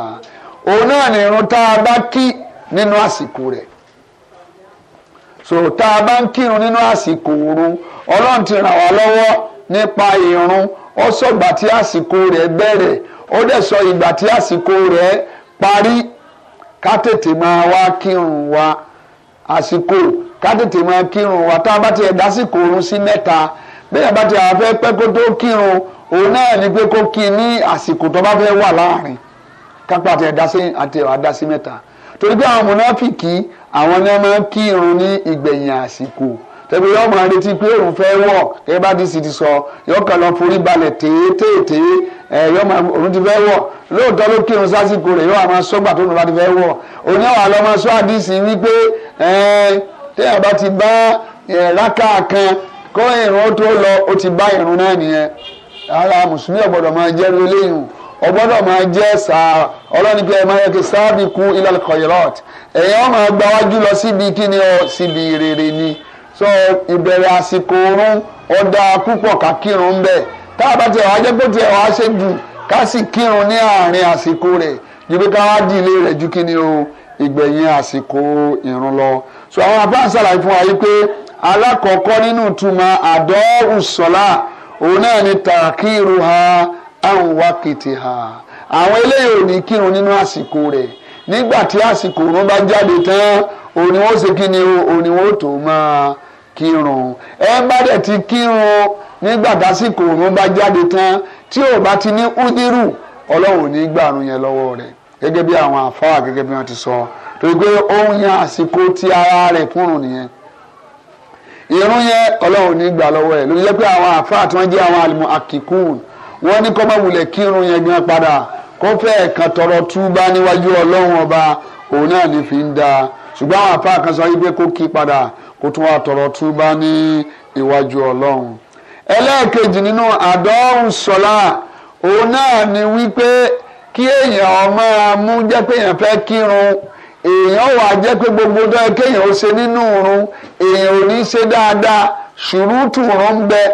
òun náà nìrun tá a bá kí nínú àsìkò rẹ̀ so tá a bá ń kírun nínú àsìkò òru ọlọ́run ti ràn wá lọ́wọ́ nípa ìrun ó sọ ìgbà tí àsìkò rẹ̀ bẹ̀rẹ̀ ó dẹ̀ sọ ìgbà tí àsìkò rẹ̀ parí ká tètè máa wá kírun wa àsìkò ká tètè máa kírun wa tá a bá ti ẹ̀dá àsìkò òrun sí mẹ́ta bẹ́ẹ̀ bá ti àwọn afẹ́ pẹ́ kó tó kírun òun náà ni pé kó kí ní àsìkò tó bá fẹ́ wà láàrin kápá àti ẹ̀dá sí mẹ́ta torí pé àwọn mùnáfìkì àwọn ni wọ́n máa ń kírun ní ìgbẹ̀yìn àsìkò tẹ̀bí yóò máa retí pé òun fẹ́ wọ̀ kẹ́ bá ti sì ti sọ yóò kàn lọ forí balẹ̀ téètéèté ẹ̀ yóò máa òun ti fẹ́ wọ̀ lóòótọ́ ló kírun sásìkò rẹ̀ yóò máa sọ́gbà tó òun bá ti fẹ́ wọ̀ òun yóò wà máa sọ àdìsí wípé téèyàn bá ti bá rákà kan kó ìrun tó lọ ó ti bá ìrun náà nìyẹn ara mùsùlùmí ọ̀gbọ́dọ̀ máa jẹ́rú eléyìí ọgbọ́dọ̀ máa jẹ́ sáà ọlọ́ni pé ẹ máa yẹ kí sáàbì kú ilal khairat èèyàn máa gbáwájú lọ síbi kíni ọ síbi rere ni so ìbẹ̀rẹ̀ àsìkò oorun ọ̀dà púpọ̀ ká kírun ń bẹ̀ tá a bá tiẹ̀ wá jẹ́ pé tiẹ̀ wá ṣe jù ká sì kírun ní àárín àsìkò rẹ̀ ju pé ká wá di ilé rẹ̀ ju kíni o ìgbẹ̀yìn àsìkò ìrun lọ so àwọn àbáà ṣàlàyé fún wa yìí pé alákọ̀ọ́kọ́ nínú ìtumọ̀ àdọ́ ùsọ̀lá òun àwọn wákìtì hà àwọn eléyìí ò ní kírun nínú àsìkò rẹ̀ nígbà tí àsìkò òun bá jáde tán òun ni wọ́n ṣe kí ni òun ni tó máa kírun ẹ bá dẹ̀ ti kírun nígbà tásìkò òun bá jáde tán tí ò bá ti ní údírù ọlọ́run ní gbàrún yẹn lọ́wọ́ gẹ́gẹ́ bí àwọn àfáà gẹ́gẹ́ bí wọ́n ti sọ torí ti ara rẹ̀ nìyẹn yẹn ọlọ́run ní gbà lọ́wọ́ jẹ́ pé àwọn àfáà tí wọ́n wọ́n ní kó má wulẹ̀ kírun yẹn gan padà kó fẹ́ kan tọrọ túbá níwájú ọlọ́run ọba òun náà ní fi ń da ṣùgbọ́n àwọn àpá kan sọ wípé kó kí padà kó tún wá tọrọ túbá ní iwájú ọlọ́run ẹlẹ́ẹ̀kejì nínú àdọ́rùn sọ́lá òun náà ni wípé kí èèyàn máa mú jẹ́ pé èèyàn fẹ́ kírun èèyàn wà jẹ́ pé gbogbo dọ́ kéèyàn ó ṣe nínú ìrun èèyàn ò ní ṣe dáadáa ṣùrùtù rún bẹ́ẹ̀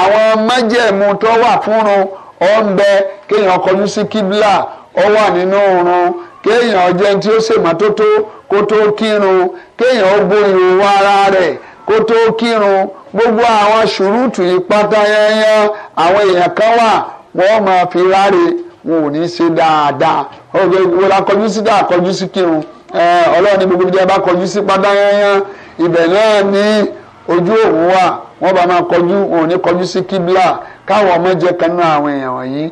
àwọn májẹ̀mú tó wà fúnrun ó ń bẹ kéèyàn kọjú sí kíbla ó wà nínú oorun kéèyàn jẹ́ tí ó ṣèmọ́tótó kó tó kírun kéèyàn ó bo ìhòòhò ara rẹ̀ kó tó kírun gbogbo àwọn ṣùrùtù yìí pátá àwọn èèyàn kan wà wọn máa fi ráre wọn ò ní ṣe dáadáa wọ́n la kọjú sí dáa kọjú sí kírun ọlọ́run ní gbogbo ìdí kọjú sí pátá yányán ibẹ̀ náà ní ojú òun wà wọ́n bá máa kọjú wọn ò ní kọjú sí kíbla káwọn ọmọ jẹ́ kan náà àwọn èèyàn wọ̀nyí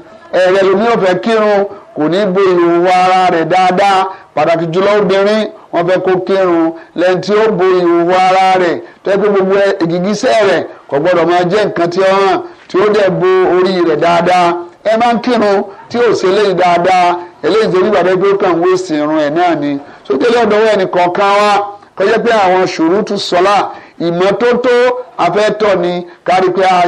ẹ̀rẹ́ lómi ò fẹ́ kírun kò ní bo ìhòòhò ara rẹ̀ dáadáa pàtàkì jùlọ obìnrin wọ́n fẹ́ kó kírun lẹ́yìn tí ó bo ìhòòhò ara rẹ̀ tẹ́ pé gbogbo ìgìgísẹ̀ rẹ̀ kò gbọ́dọ̀ máa jẹ́ nǹkan tí ó hàn tí ó dẹ̀ bo orí rẹ̀ dáadáa ẹ máa ń kírun tí ò ṣe eléyìí dáadáa eléyìí tó nígbà tó gbé kàn wé sí irun ẹ̀ náà ni sókè lọ́dọ̀ wẹ́ẹ̀ nìkan kan wá kọjá pé àwọn ṣòro tún sọlá ìmọ́tótó afẹ́tọ̀ ni kárí pé a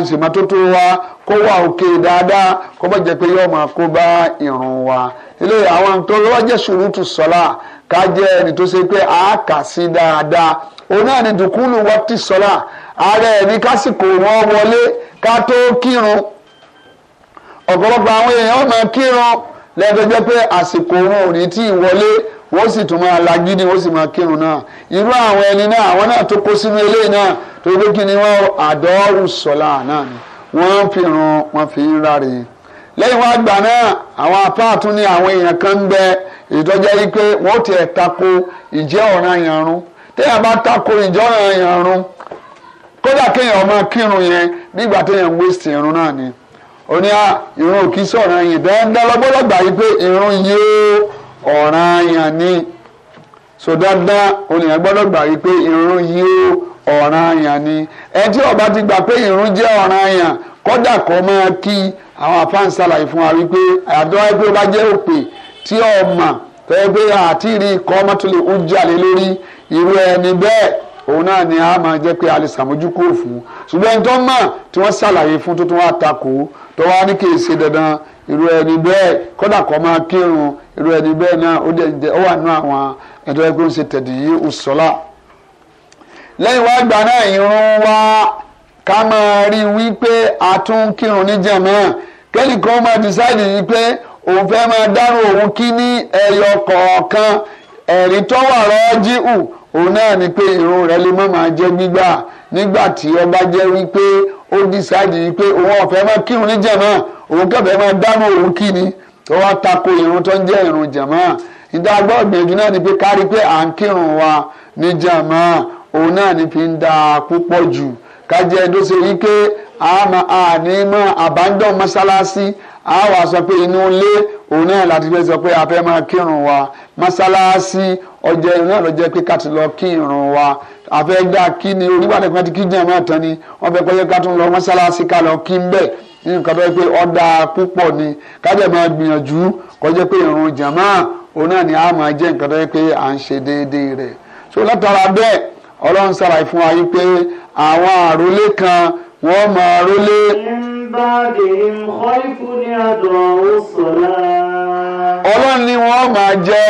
wa kó wà òkè dáadáa kó bá jẹ́ pé yóò máa kó bá ìrun wa eléyìí àwọn tó lọ́wọ́ jẹ́ ṣùrùtù sọ́lá ká jẹ́ ẹni tó ṣe pé a kà sí dáadáa òun náà ni dùkúlù wọ́tí sọ́lá ààrẹ ẹ̀rí kásìkò wọn wọlé ká tó kírun ọ̀pọ̀lọpọ̀ àwọn èèyàn máa kírun lẹ́gbẹ̀ẹ́ pé àsìkò wọn ò ní tí ì wọlé wọ́n sì tún máa lagídí wọ́n sì máa kírun náà irú àwọn ẹni náà àwọn náà tó kó sínú eléyìí náà tó gbé kí ni wọ́n àdọ́rù sọ̀la náà ni wọ́n fi ràn wọ́n fi ń ráre lẹ́yìn wá gbà náà àwọn apáàtú ni àwọn èèyàn kan ń bẹ ìtọ́jẹ́ yìí pé wọ́n ti ẹ̀ tako ìjẹ́ ọ̀ràn ìyàrún téèyàn bá tako ìjẹ́ ọ̀ràn ìyàrún kódà kéèyàn ọmọ kírun yẹn nígbà téèyàn ń wéṣì irun náà ni ó ní à irun kì í sọ̀ràn yìí dáadáa lọ́gbọ́dọ̀ yìí pé irun yìí ó ọ̀ràn àyàn ni so dáadáa oníyàn gbọ́dọ̀ gbà yí pé irun yìí ó ọ̀ràn àyàn ni ẹ tí ọba ti gbà pé irun jẹ́ ọ̀ràn àyàn kódà kó máa kí àwọn àfáàn ṣàlàyé fún wa wípé àdúrà pé ó bá jẹ́ òpè tí ọmọ tẹ́lẹ̀ pé àti rí ikọ̀ ọmọ tó lè ó jalè lórí irú ẹni bẹ́ẹ̀ òun náà ni a máa jẹ́ pé a lè ṣàmójúkúrò fún ṣùgbọ́n ẹni tó mọ̀ tí wọ́n ṣàlàyé fún tó tún wá takò tó wá ní kì í ṣe dandan irú ẹni bẹ́ẹ̀ kódà kó máa kírun irú ẹni bẹ́ẹ̀ náà ó dẹ̀ ó wà nínú àwọn ẹ̀dọ́ ẹgbẹ́ ń ṣe tẹ̀dí yìí òṣùlá. lẹ́yìn wá gbà náà ìrun wa ká máa rí wípé a tún kírun ní jàmá kẹ́nìkan máa dìsáìdì yìí pé òun fẹ́ máa dárò òun kí ní ẹyọ kọ̀ọ̀kan ẹ̀rí tó wà rọ́ọ́jì hù òun náà ni pé ìrun rẹ̀ lè má máa jẹ́ gbígbà nígbà tí ó bá wípé ó dìsáìdì yìí pé òun ọ̀fẹ́ máa kírun ní jàmá òun kẹfẹ́ máa dáná òun kí ni tó wá tako irun tó ń jẹ́ irun jàmáà ìdá gbọ́dọ̀ gbìyànjú náà ni pé kárí pé à ń kírun wa ní jàmáà òun náà ni fi ń da púpọ̀ jù kájẹ́ ẹni ṣe yí pé àní mọ́ abandon mọ́ṣáláṣí a wà sọ pé inú ilé òun náà láti fẹ́ sọ pé a fẹ́ máa kírun wa mọ́ṣáláṣí ọjọ́ irun náà ló jẹ́ pé káti lọ kírun wa a fẹ́ dá kí ni onígbàdàn kan ti kí jàmáà tán ni wọ́n fẹ́ kọ́jọ́ nǹkan tó yẹ pé ọ̀dà púpọ̀ ni kájà máa gbìyànjú kọjá pé ìrun jàmá òun náà ni a máa jẹ́ nǹkan tó yẹ pé à ń ṣe déédéé rẹ̀ so látara bẹ́ẹ̀ ọlọ́run ṣàlàyé fún wa yí pé àwọn àrólé kan wọ́n máa rólé. ọlọ́run ni wọ́n máa jẹ́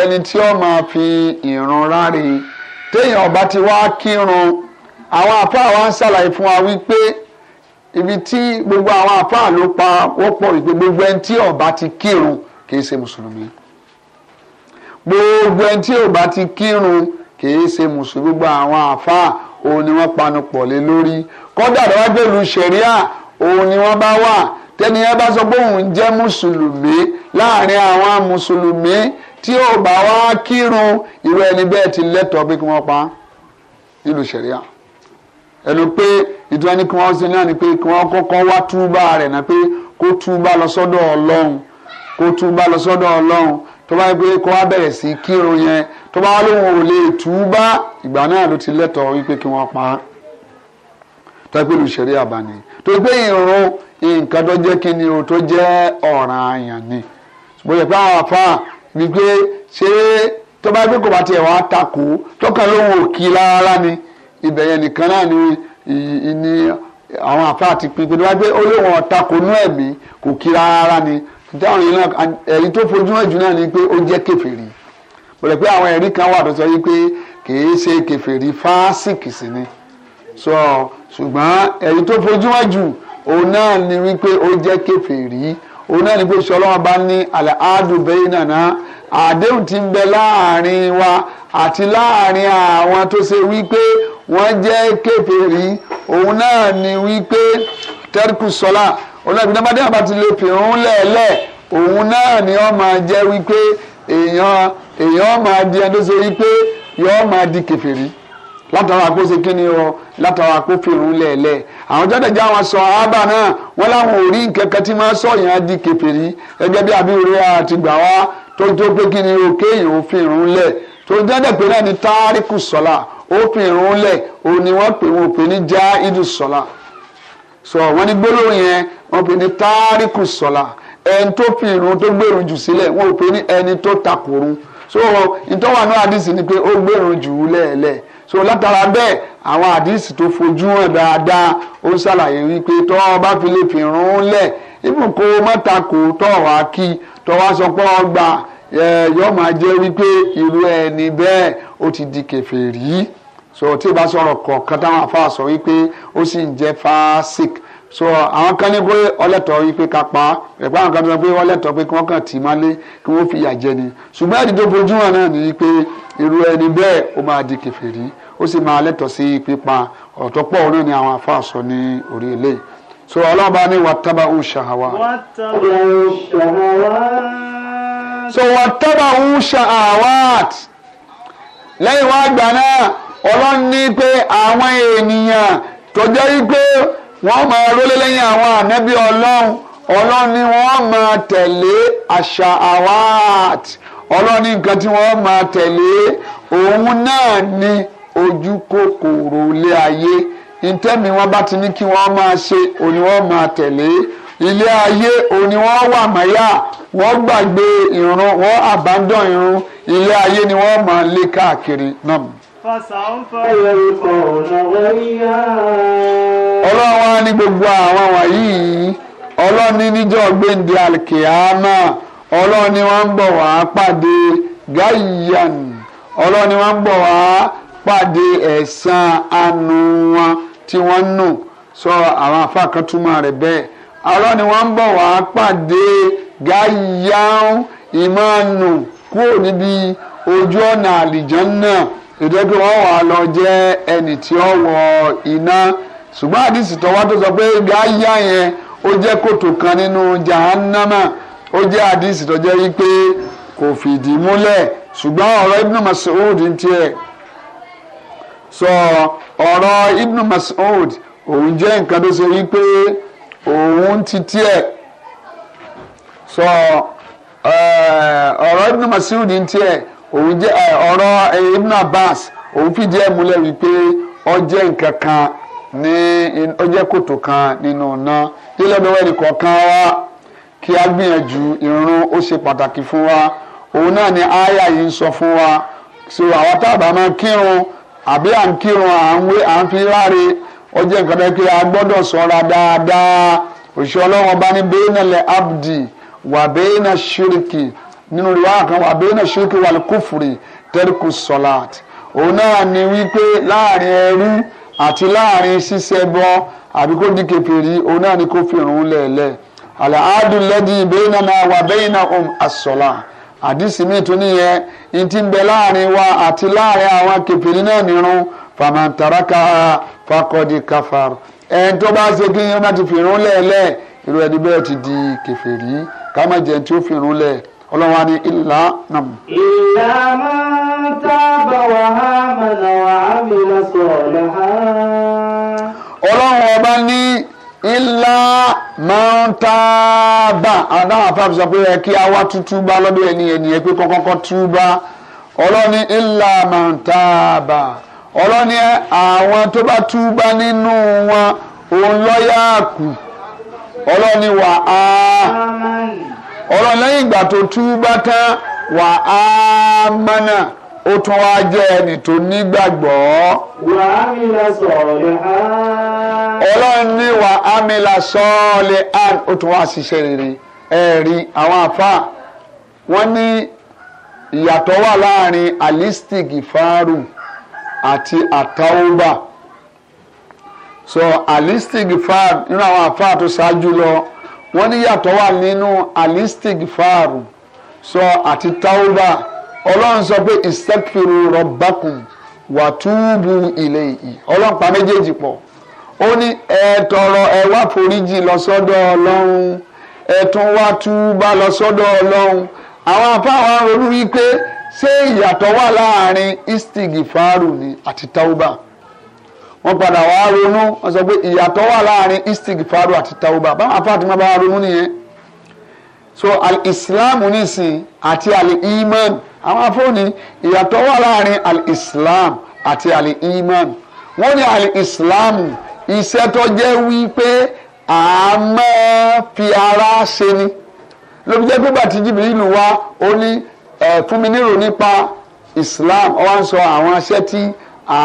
ẹni tí ó máa fi ìrun ráre téèyàn ọba ti wá kírun àwọn àfáà wa ń ṣàlàyé fún wa wípé ibi tí gbogbo àwọn àfáà ló pa wọ́pọ̀ ìpè gbogbo ẹni tí ọba ti kírun kì í ṣe mùsùlùmí gbogbo ẹni tí ọba ti kírun kì í ṣe mùsùlùmí gbogbo àwọn àfáà òun ni wọ́n panu pọ̀ lé lórí kódà lọ́wọ́ gbèlú ṣẹ̀ríà òun ni wọ́n bá wà tẹ́ni ẹ bá sọ pé òun jẹ́ mùsùlùmí láàrin àwọn mùsùlùmí tí ò wá kírun irú ẹni bẹ́ẹ̀ ti lẹ́tọ̀ọ́ pé kí wọ́n pa nílùú ṣẹ̀ríà ẹnu pé ìtura ní kí wọ́n ṣe náà ni pé kí wọ́n kọ́kọ́ wá túbà rẹ̀ náà pé kó túbà lọ sọ́dọ̀ ọlọ́run kó túbà lọ sọ́dọ̀ ọlọ́run tó bá gbé kó wá bẹ̀rẹ̀ sí kírun yẹn tó bá wá lóun ò lè túbà ìgbà náà ló ti lẹ́tọ̀ọ́ wípé kí wọ́n pa á tó pé olùṣeré àbáni tó gbé ìrun nǹkan tó jẹ́ kí ni o tó jẹ́ ọ̀ràn àyàn ni bóyá pé àwọn afa wípé ṣé tó bá gbé kò bá tiẹ̀ wá takò tó kàn lóun ò kí rárá ni ibẹ̀ yẹn nìkan náà ni ni àwọn àfáà ti pin pinnu wá pé olóhùn ọ̀tá kò nú ẹ̀mí kò kí rárá ni táwọn yìí náà ẹ̀rí tó fojú hàn jù náà ni pé ó jẹ́ kèfèrí bẹ̀rẹ̀ pé àwọn ẹ̀rí kan wà tó sọ yìí pé kìí ṣe kèfèrí fásìkì sí ni sọ ṣùgbọ́n ẹ̀rí tó fojú hàn jù òun náà ni wípé ó jẹ́ kèfèrí òun náà ni pé ṣe ọlọ́run bá ní àlẹ́ àádùbẹ́yìn nàná àdéhùn ti ń bẹ láàrin wa àti láàrin àwọn tó ṣe wípé wọ́n jẹ́ kèfèrí òun náà ni wípé tẹ́ríkù sọ́lá olóògbé náà bá dé àbá ti lè pè òun lẹ́ẹ̀lẹ́ òun náà ni wọ́n máa jẹ́ wípé èèyàn èèyàn máa di ẹni tó ṣe wípé yọ́ọ́ máa di kèfèrí látara àpò ṣe kí ni o látara àpò fèrún lẹ́ẹ̀lẹ́ àwọn jáde jẹ́ àwọn sọ ábà náà wọ́n láwọn ò rí nǹkan kan tí máa sọ yẹn á di kèfèrí gẹ́gẹ́ bí abíwèrè àti gbà wá tó tó pé kí ni o kéèyàn ò fèrún lẹ̀ tó jáde pé náà ni táríkù sọ́lá ó fi irun lẹ̀ òun ni wọ́n pè wọ́n pè ní já idu sọ́la sọ wọ́n ní gbólóhùn yẹn wọ́n pè ní táríkù sọ́la ẹni tó fi irun tó gbèrú jù sílẹ̀ wọ́n pè ní ẹni tó takòrun so ìtọ́wà náà àdìsí ni pé ó gbèrú jù ú lẹ́ẹ̀lẹ́ so látara bẹ́ẹ̀ àwọn àdìsí tó fojú hàn dáadáa ó ṣàlàyé wípé tọ́ ọ bá fi lè fi irun lẹ̀ ibùkún mọ́ta kò tọ́ ọ wá kí tọ́ wá sọ pé ọ gbà yóò máa jẹ́ wípé irú ẹni bẹ́ẹ̀ ó ti di rí so tí ìbá sọ̀rọ̀ kọ̀ọ̀kan táwọn afáà sọ wípé ó sì ń jẹ́ fásik so àwọn kan ní pé ọlẹ́tọ̀ wípé ká pa ẹ̀pá àwọn kan ní pé ọlẹ́tọ̀ pé kí wọ́n kàn tì í lé kí wọ́n fìyà jẹ ni ṣùgbọ́n ẹ̀dí tó náà ni wípé irú ẹni bẹ́ẹ̀ ó máa di rí ó sì máa lẹ́tọ̀ sí pípa ọ̀tọ̀ pọ̀ náà ni àwọn afáà sọ ní orí eléyìí so ọlọ́ọ̀bá ní wàtábà ń ṣàhàwà. wàtábà ń ṣàhàwà. so wọ́n tọ́ba ń ṣàwáàt lẹ́yìn wá gbà náà ọlọ́run ní pé àwọn ènìyàn tó jẹ́ wípé wọ́n máa rólé lẹ́yìn àwọn ànábì ọlọ́run ọlọ́run ni wọ́n máa tẹ̀lé àṣàwáàt ọlọ́run ní nǹkan tí wọ́n máa tẹ̀lé òun náà ni ojú kòkòrò ilé ayé ntẹ́mi wọn bá ti ní kí wọ́n máa ṣe òun ni wọ́n máa ilé ayé ni wọn wà mọ́yà wọn gbàgbé irun wọ́n àbádọ́n irun ilé ayé ni wọn máa lé káàkiri náà. fàṣàǹfà yẹn kò náwó yá. ọlọ́run wa ní gbogbo àwọn wọ̀nyí ọlọ́run ní níjọ́ gbéǹde alkiyama ọlọ́run ni ń bọ̀ wá pàdé gáyìyàn ọlọ́run ni ń bọ̀ wá pàdé ẹ̀sán anu wọn tí wọ́n nù sọ àwọn afá kan túmọ̀ rẹ̀ bẹ́ẹ̀ àárọ̀ ni wọ́n ń bọ̀ wá pàdé gáyàún ìmánu kúrò níbi ojú ọ̀nà àlìjánná ìdẹ́gbẹ́ wọn wà lọ jẹ́ ẹnì tí ó wọ iná ṣùgbọ́n àdìsí tọ́wọ́ tó sọ pé gáyà yẹn ó jẹ́ kòtò kan nínú jahannama ó jẹ́ àdìsí tó jẹ́ wípé kò fìdí múlẹ̀ ṣùgbọ́n ọ̀rọ̀ Ibn Mas'ud ń tiẹ̀ sọ ọ̀rọ̀ Ibn Mas'ud òun jẹ́ nǹkan tó ṣe wípé. òun ti tiẹ̀ sọ eh, ọ̀rọ̀ Ibn Mas'ud ní tiẹ̀ òun jẹ́ eh, ọ̀rọ̀ eh, Ibn Abbas òun fìdí ẹ̀ múlẹ̀ wípé ó jẹ́ nǹkan kan ní ó jẹ́ kòtò kan nínú iná yílọ́dọ̀ wẹ́ẹ̀lì kọ̀ọ̀kan wá kí a gbìyànjú irun ó ṣe pàtàkì fún wa òun náà ni aya yìí ń sọ fún wa so àwọn tábà máa kírun àbí à ń kírun à ń wé à ń fi láre ó jẹ́ nǹkan bẹ́ẹ̀ pé a gbọ́dọ̀ sọ́ra dáadáa òṣìṣẹ́ ọlọ́run ọba ní bẹ́ẹ̀nẹ̀lẹ̀ abdi wà bẹ́ẹ̀nẹ̀ ṣíríkì nínú ìwà kan wà bẹ́ẹ̀nẹ̀ ṣíríkì wà lùkùfùrì tẹ́ríkù sọ̀láàt òun náà ni wípé láàrin ẹrú àti láàrin ṣíṣẹbọ àbí kó di kèfèrí òun náà ni kó fi rún lẹ̀lẹ̀ àlàádùn lẹ́dí bẹ́ẹ̀nẹ̀lẹ̀ wà bẹ́ẹ̀nẹ̀ um àsọ̀lá àdìsí mi tún nìyẹn ní ti ń bẹ láàrin wa àti láàrin àwọn kèfèrí náà nírun fàmàntàràkà fakọ́dí káfàr ẹni tó bá ṣe kí wọ́n bá ti fìrún lẹ́ẹ̀lẹ́ irú ẹni bẹ́ẹ̀ ti di kèfèrí ká má jẹ́ tí ó fìrún lẹ̀ ọlọ́run á ní ìlà nàm. ìlà máa ń tábà wà mọ̀nà wà á mìíràn sọ̀rọ̀ ha. ọlọ́run ọba ní ìlà máa ń tábà àdáhùn àfáàfù sọ pé ẹ kí a wá tútúbà lọ́dọ̀ ẹni ẹni ẹ pé kọ́kọ́kọ́ túbà ọlọ́run ní ìlà máa ń tábà ọlọ́ni àwọn tó bá túbá nínú wọn òun lọ́yà kù ọlọ́ni wà á ọlọ́ni lẹ́yìn ìgbà tó túbá tán wà á mánà ó tún wá jẹ́ ẹni tó nígbàgbọ́. wà á mi la sọ̀lẹ̀ á. ọlọ́run wà á mi la sọ̀lẹ̀ á ó tún wá ṣiṣẹ́ rere ẹ̀rí àwọn àfáà wọ́n ní ìyàtọ̀ wà láàrin alistic faru àti àtàwùbà so alistic far nínú àwọn àfáà tó ṣáájú lọ wọ́n ní yàtọ̀ wà nínú alistic far so àti tàwùbà ọlọ́run sọ pé ìsẹ́kìrì rọ̀bákùn wà túbù ilé yìí ọlọ́run pa méjèèjì pọ̀ ó ní ẹ tọrọ ẹ wá foríjì lọ sọ́dọ̀ ọlọ́run ẹ tún wá túbà lọ sọ́dọ̀ ọlọ́run àwọn àfáà ronú wípé ṣé ìyàtọ̀ wà láàrin istigi faru ni àti tauba wọ́n padà wá ronú wọ́n sọ pé ìyàtọ̀ wà láàrin istigi faru àti tauba báwọn afáàtì máa bá ronú nìyẹn so al-islam nísìn àti al-iman àwọn afọ́ni ìyàtọ̀ wà láàrin al-islam àti al-iman wọ́n ní al-islam iṣẹ́ tó jẹ́ wípé a máa fi ara ṣe ni lóbi jẹ́ pé bàtí jìbìrì lù wá ó ní ẹ fún mi nírò nípa Islam ó wá ń sọ àwọn aṣẹ́ tí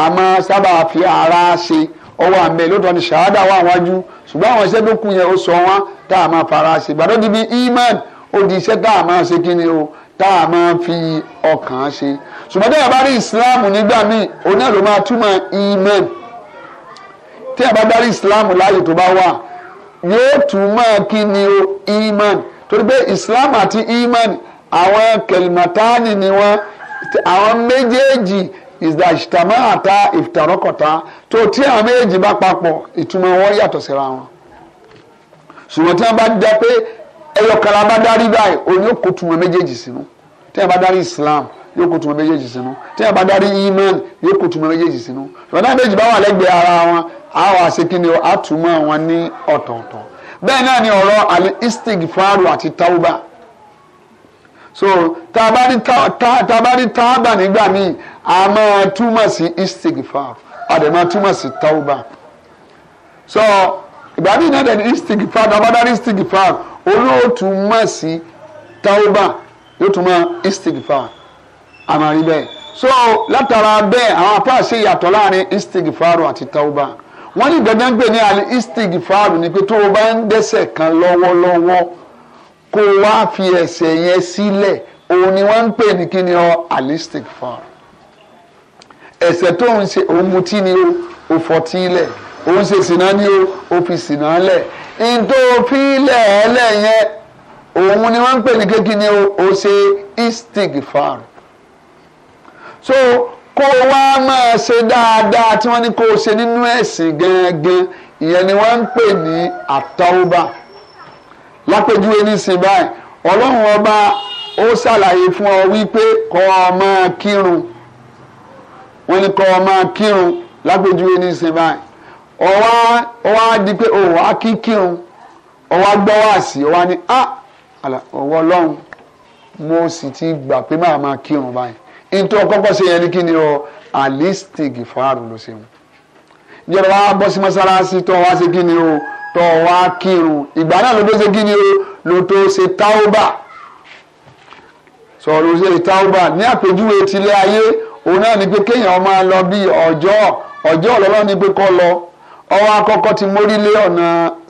àmọ́ sábà fi ara ṣe ọwọ́ àmì lóòótọ́ ni ṣàádà wà wájú ṣùgbọ́n àwọn iṣẹ́ tó kù yẹn ó sọ wọn tá a máa fara ṣe ìgbàdo di iman ó di iṣẹ́ tá a máa ṣe kí ni o tá a máa fi ọkàn ṣe ṣùgbọ́n tí a bá rí Islam nígbà míì òun náà ló máa túmọ̀ iman tí a bá darí Islam láàyè tó bá wà yóò túmọ̀ kí ni o iman torí pé Islam àti iman àwọn kẹlìmọ̀tánì ni wọ́n àwọn méjèèjì ìdàjìtàmọ́ àta ìfìtàrọ́kọ̀tà tó tí àwọn méjèèjì bá papọ̀ ìtumọ̀ wọn yàtọ̀ síra wọn. ṣùgbọ́n tí wọ́n bá dá pé ẹyọ kan bá darí báyìí òun yóò kó túmọ̀ méjèèjì sínú tí wọ́n bá darí Islam yóò kó túmọ̀ méjèèjì sínú tí wọ́n bá darí Iman yóò kó túmọ̀ méjèèjì sínú ìfọ̀dá méjì bá wà lẹ́gbẹ̀ẹ́ ara wọn àwọn àṣekínni àtúmọ̀ wọn ní ọ̀tọ̀ọ̀tọ̀ bẹ́ẹ̀ náà ni ọ̀rọ̀ al-istighfaru àti tauba so tá a bá ní tá a bá ní nígbà míì a máa túmọ̀ sí istigfar a dẹ̀ máa túmọ̀ sí tauba so ìgbà míì náà dẹ̀ ní istigfar tá a bá dá istigfar olóòtú mọ̀ sí tauba yóò tún istigfar a máa rí bẹ́ẹ̀ so látara bẹ́ẹ̀ àwọn apá ṣe yàtọ̀ láàrin istigfar àti tauba wọ́n ní dandan gbé ní àlè istigfar ni pé tó o bá ń dẹ́ṣẹ̀ kan lọ́wọ́lọ́wọ́ kó o wá fi ẹ̀ṣẹ̀ yẹn sílẹ̀ òun ni wọ́n ń pè ní kí ni ọ alistic far ẹ̀ṣẹ̀ tó ń ṣe òun mutí ni o ò fọtí lẹ̀ òun ṣe sìnà ni o ò fi sìnà lẹ̀ ntòfí lẹ̀ ẹ́ lẹ̀ yẹn òun ni wọ́n ń pè ní kékin ni o ṣe istig far so kó o wá máa ṣe dáadáa tí wọ́n ní kó o ṣe nínú ẹ̀sìn gangan ìyẹn ni wọ́n ń pè ní àtọ́wọ́bà lápèjúwe ní sìn báyìí ọlọ́run ọba ó ṣàlàyé fún ọ wípé kọ́ ọ máa kírun wọ́n ní kọ́ ọ máa kírun lápèjúwe ní sìn báyìí ọwá ọwá di pé òwò á ọwá gbọ́ wá ọwá ní á ọwọ́ ọlọ́run mo sì ti gbà pé máa máa kírun báyìí nítorí ọkọ́kọ́ ṣe yẹn ní kí ni ọ àlìstígì fáàrù ló ṣe wọn. ìjọba wa bọ́ sí mọ́sálásí tó wá ṣe kí ni o. tó wá kírun ìgbà náà ló tó ṣe o ló tó ṣe táwọ́bà sọ̀rọ̀ ṣe táwọ́bà ní àpèjúwe tilẹ̀ ayé òun náà ni pé kéèyàn máa lọ bí ọjọ́ ọjọ́ ọ̀lọ́lọ́ ni pé kọ́ lọ ọwọ́ akọ́kọ́ ti mórílé ọ̀nà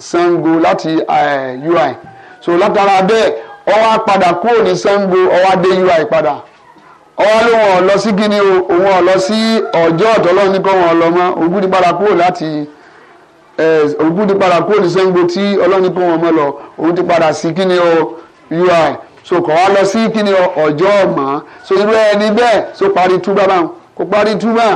Ṣàngó láti eh, UI so látara bẹ́ẹ̀ ọwọ́ padà kúrò ní ọwọ́ UI padà ọwọ́ lóun sí o òun sí ọjọ́ ọ̀tọ́lọ́ ní kọ́ wọn mọ́ òkú ti padà kúrò ní sẹ́ńgbó tí ọlọ́ni kó wọn mọ́ lọ òun ti padà sí kíni o ui so kọ̀ wá lọ sí kíni o ọjọ́ ọ̀mọ́ so irú ẹni bẹ́ẹ̀ so parí túbá báwọn kò parí túbá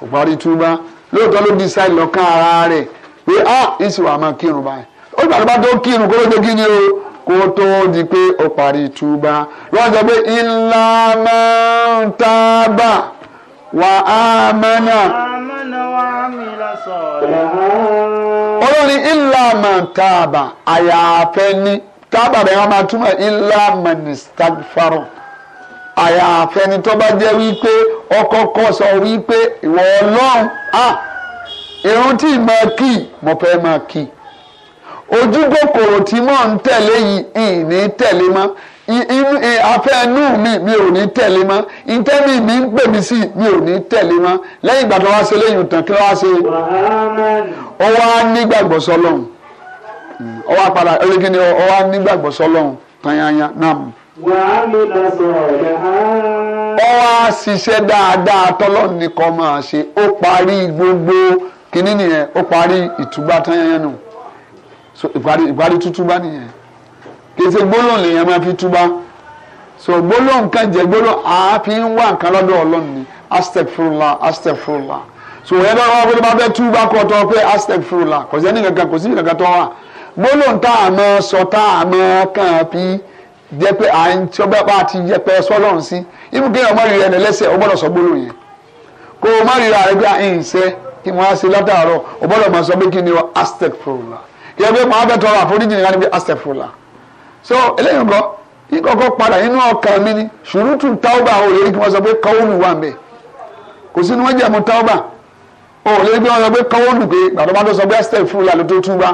kò parí túbá lóòótọ́ ló di sáì lọ́kàn ara rẹ̀ pé ah ìsì wàá máa kírun báyìí ó gbà tó bá tó kírun kó ló dé kíni o kó tó di pé ó parí túbá lọ́wọ́n pé ńlá ń tábà wà á mẹ́nà. olórí ilà mọ̀tàbà àyàfẹ́ ní tábà rẹ̀ wọ́n máa túmọ̀ ilà mọ̀nìstagfaro àyàfẹ́ ní tó bá jẹ́ wípé ọkọ̀ kọ̀ sọ wípé ìwọ ọlọ́run á irun tí ì máa kì mo fẹ́ máa kì ojú kòkòrò tí mò ń tẹ̀lé yìí ìní tẹ̀lé mọ́. afẹ́ inú mi mi ò ní tẹ̀lé mọ́ mi ń pè sí mi ò ní tẹ̀lé mọ́ lẹ́yìn ìgbà tó wá ṣe lẹ́yìn tán kí ló wá ṣe. ó wá nígbàgbọ́ sọlọ́hún ó wá padà ni ó wá nígbàgbọ́ sọlọ́hún tanyanya nam. ó wá ṣiṣẹ́ dáadáa máa ṣe ó parí gbogbo kèsè gbólóhùn lèèyàn máa fi túbá so gbólóhùn kan jẹ gbólóhùn àáfi ń wá nǹkan lọ́dọ̀ ọlọ́run ni astagfirullah astagfirullah so ẹ̀rọ àwọn akọ́tọ́ bá fẹ́ túbá kọ́ tọ́ pé astagfirullah kò sí ẹni kankan kò sí kankan tọ́ wa gbólóhùn tá a máa sọ tá a máa kàn án fi jẹ́ pé à ń tí ọba bá ti yẹ pé sọ́lọ́run sí ibi kéèyàn má rí ẹni lẹ́sẹ̀ ó sọ gbólóhùn yẹn kó má rí ara rẹ bí kí wọ́n á ṣe látàárọ̀ ó máa sọ pé kí ni o astagfirullah kí ẹ bí wọ́n á fẹ́ so eléyìí nǹkan nǹkan padà nínú ọkàn mi ni ṣùrùtù táwọ́bà ò lè rí kí wọ́n sọ pé kọ́wọ́nù wà ń bẹ̀ kò sí ni wọ́n jẹ̀mú táwọ́bà ò lè rí kí wọ́n sọ pé kọ́wọ́nù pé bàbá bá tó sọ pé ẹsẹ̀ fún ìlànà tó túbá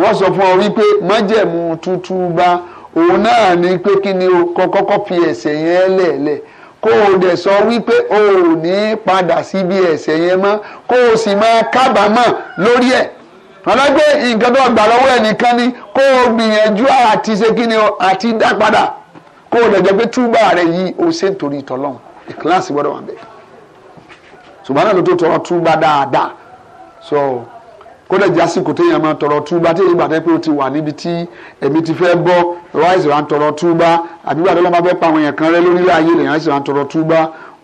wọ́n sọ fún ọ wípé májẹ̀mú tútúbá òun náà ní pé kí ni o kọ́kọ́kọ́ fi ẹ̀ṣẹ̀ yẹn lẹ̀lẹ̀ kó o dẹ̀ sọ wípé o ò ní padà síbi ẹ̀ṣẹ̀ yẹn mọ́ kó o sì máa kábàámọ̀ lórí ẹ̀ fọlá gbé nǹkan tó gbà lọ́wọ́ ẹnìkan ni kó o gbìyànjú àti ṣe kí ni o àti dá padà kó o dẹ̀jẹ̀ pé túbà rẹ̀ yìí o ṣe ń torí ìtọ́lọ́hún ìkíláàsì gbọ́dọ̀ wà bẹ́ẹ̀ ṣùgbọ́n náà ló tó tọrọ túbà dáadáa so kó dẹ̀ jásí téèyàn máa tọrọ túbà téèyàn gbàdé pé o ti wà níbi tí ẹ̀mí ti fẹ́ bọ́ ìwáìsì wa ń tọrọ túbà àbí gbàdé lọ́mọ fẹ́ pa àwọn èèyàn kan rẹ lórílẹ̀ ayé lèèyàn sì wa ń tọrọ túbà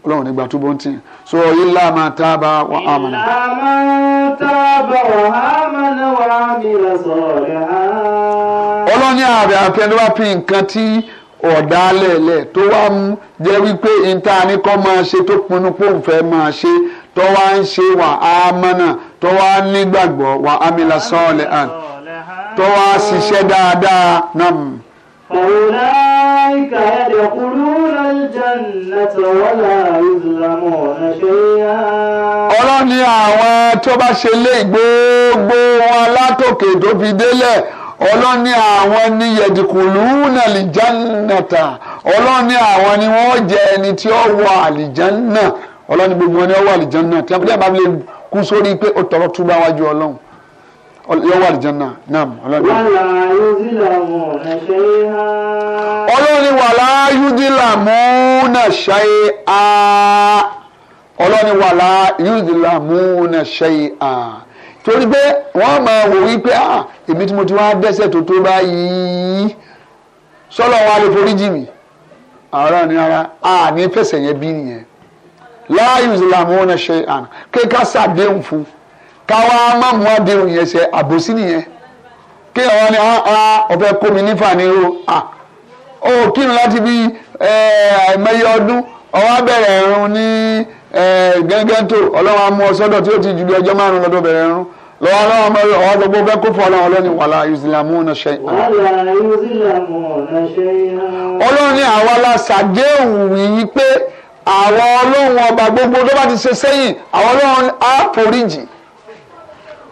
ọlọ́run nígbà túbọ̀ ń tì so ilá máa tábà wà á mọ̀ nípa. تاب وآمن وعمل صالحا ọlọ́ni ààrẹ àfẹnudọ́ fi nǹkan tí ọ̀dà lẹ̀lẹ̀ tó wá mú jẹ́ wípé níta ni kọ́ máa ṣe tó pinnu pé òun fẹ́ máa ṣe tó wá ń ṣe wà á mọ́nà tó wá nígbàgbọ́ wà á mi la hàn tó wá ṣiṣẹ́ dáadáa náà. أولئك يدخلون الجنة ولا يظلمون شيئا ọlọ́ni àwọn tó bá ṣe lé gbogbo wọn látòkè tó fi délẹ̀ ọlọ́ni àwọn ni yẹ̀dìkùlù nàlìjánnàta ọlọ́ni àwọn ni wọ́n jẹ́ ẹni tí ó wọ àlìjánnà ọlọ́ni gbogbo wọn ni ó wọ àlìjánnà tí a bá lè kú sórí pé ó tọrọ túbọ̀ wájú ọlọ́run yóò wà lìjánná nam ọlọ́run. wàlá yúdìlàmù nàṣẹ́ ha. ọlọ́run ni wàlá yúdìlàmù nàṣẹ́ ha. ọlọ́run ni wàlá yúdìlàmù nàṣẹ́ ha. torí pé wọ́n máa wò wípé ah èmi tí mo ti wá dẹ́ṣẹ̀ tó tó báyìí sọ́lọ́ wa lè forí jì mí. àárọ̀ ni ara a ní fẹsẹ̀ yẹn bí nìyẹn. láyùdìlàmù nàṣẹ́ ha kéka sàdéhùn fún un káwa má mú àdéhùn yẹn ṣe àbòsí nìyẹn kí ọ̀rọ̀ ni ọ̀fẹ́ ah, ah, kó mi nífà o ah, ó kírun láti bí àìmọye ọdún ọwọ́ abẹ́rẹ́ ẹ̀rùn ní gángan ọlọ́run amú ọsọ́dọ̀ tí ti ọjọ́ márùn lọ́dọ̀ bẹ̀rẹ̀ ẹ̀rùn lọ́wọ́ ọlọ́run ọwọ́ gbogbo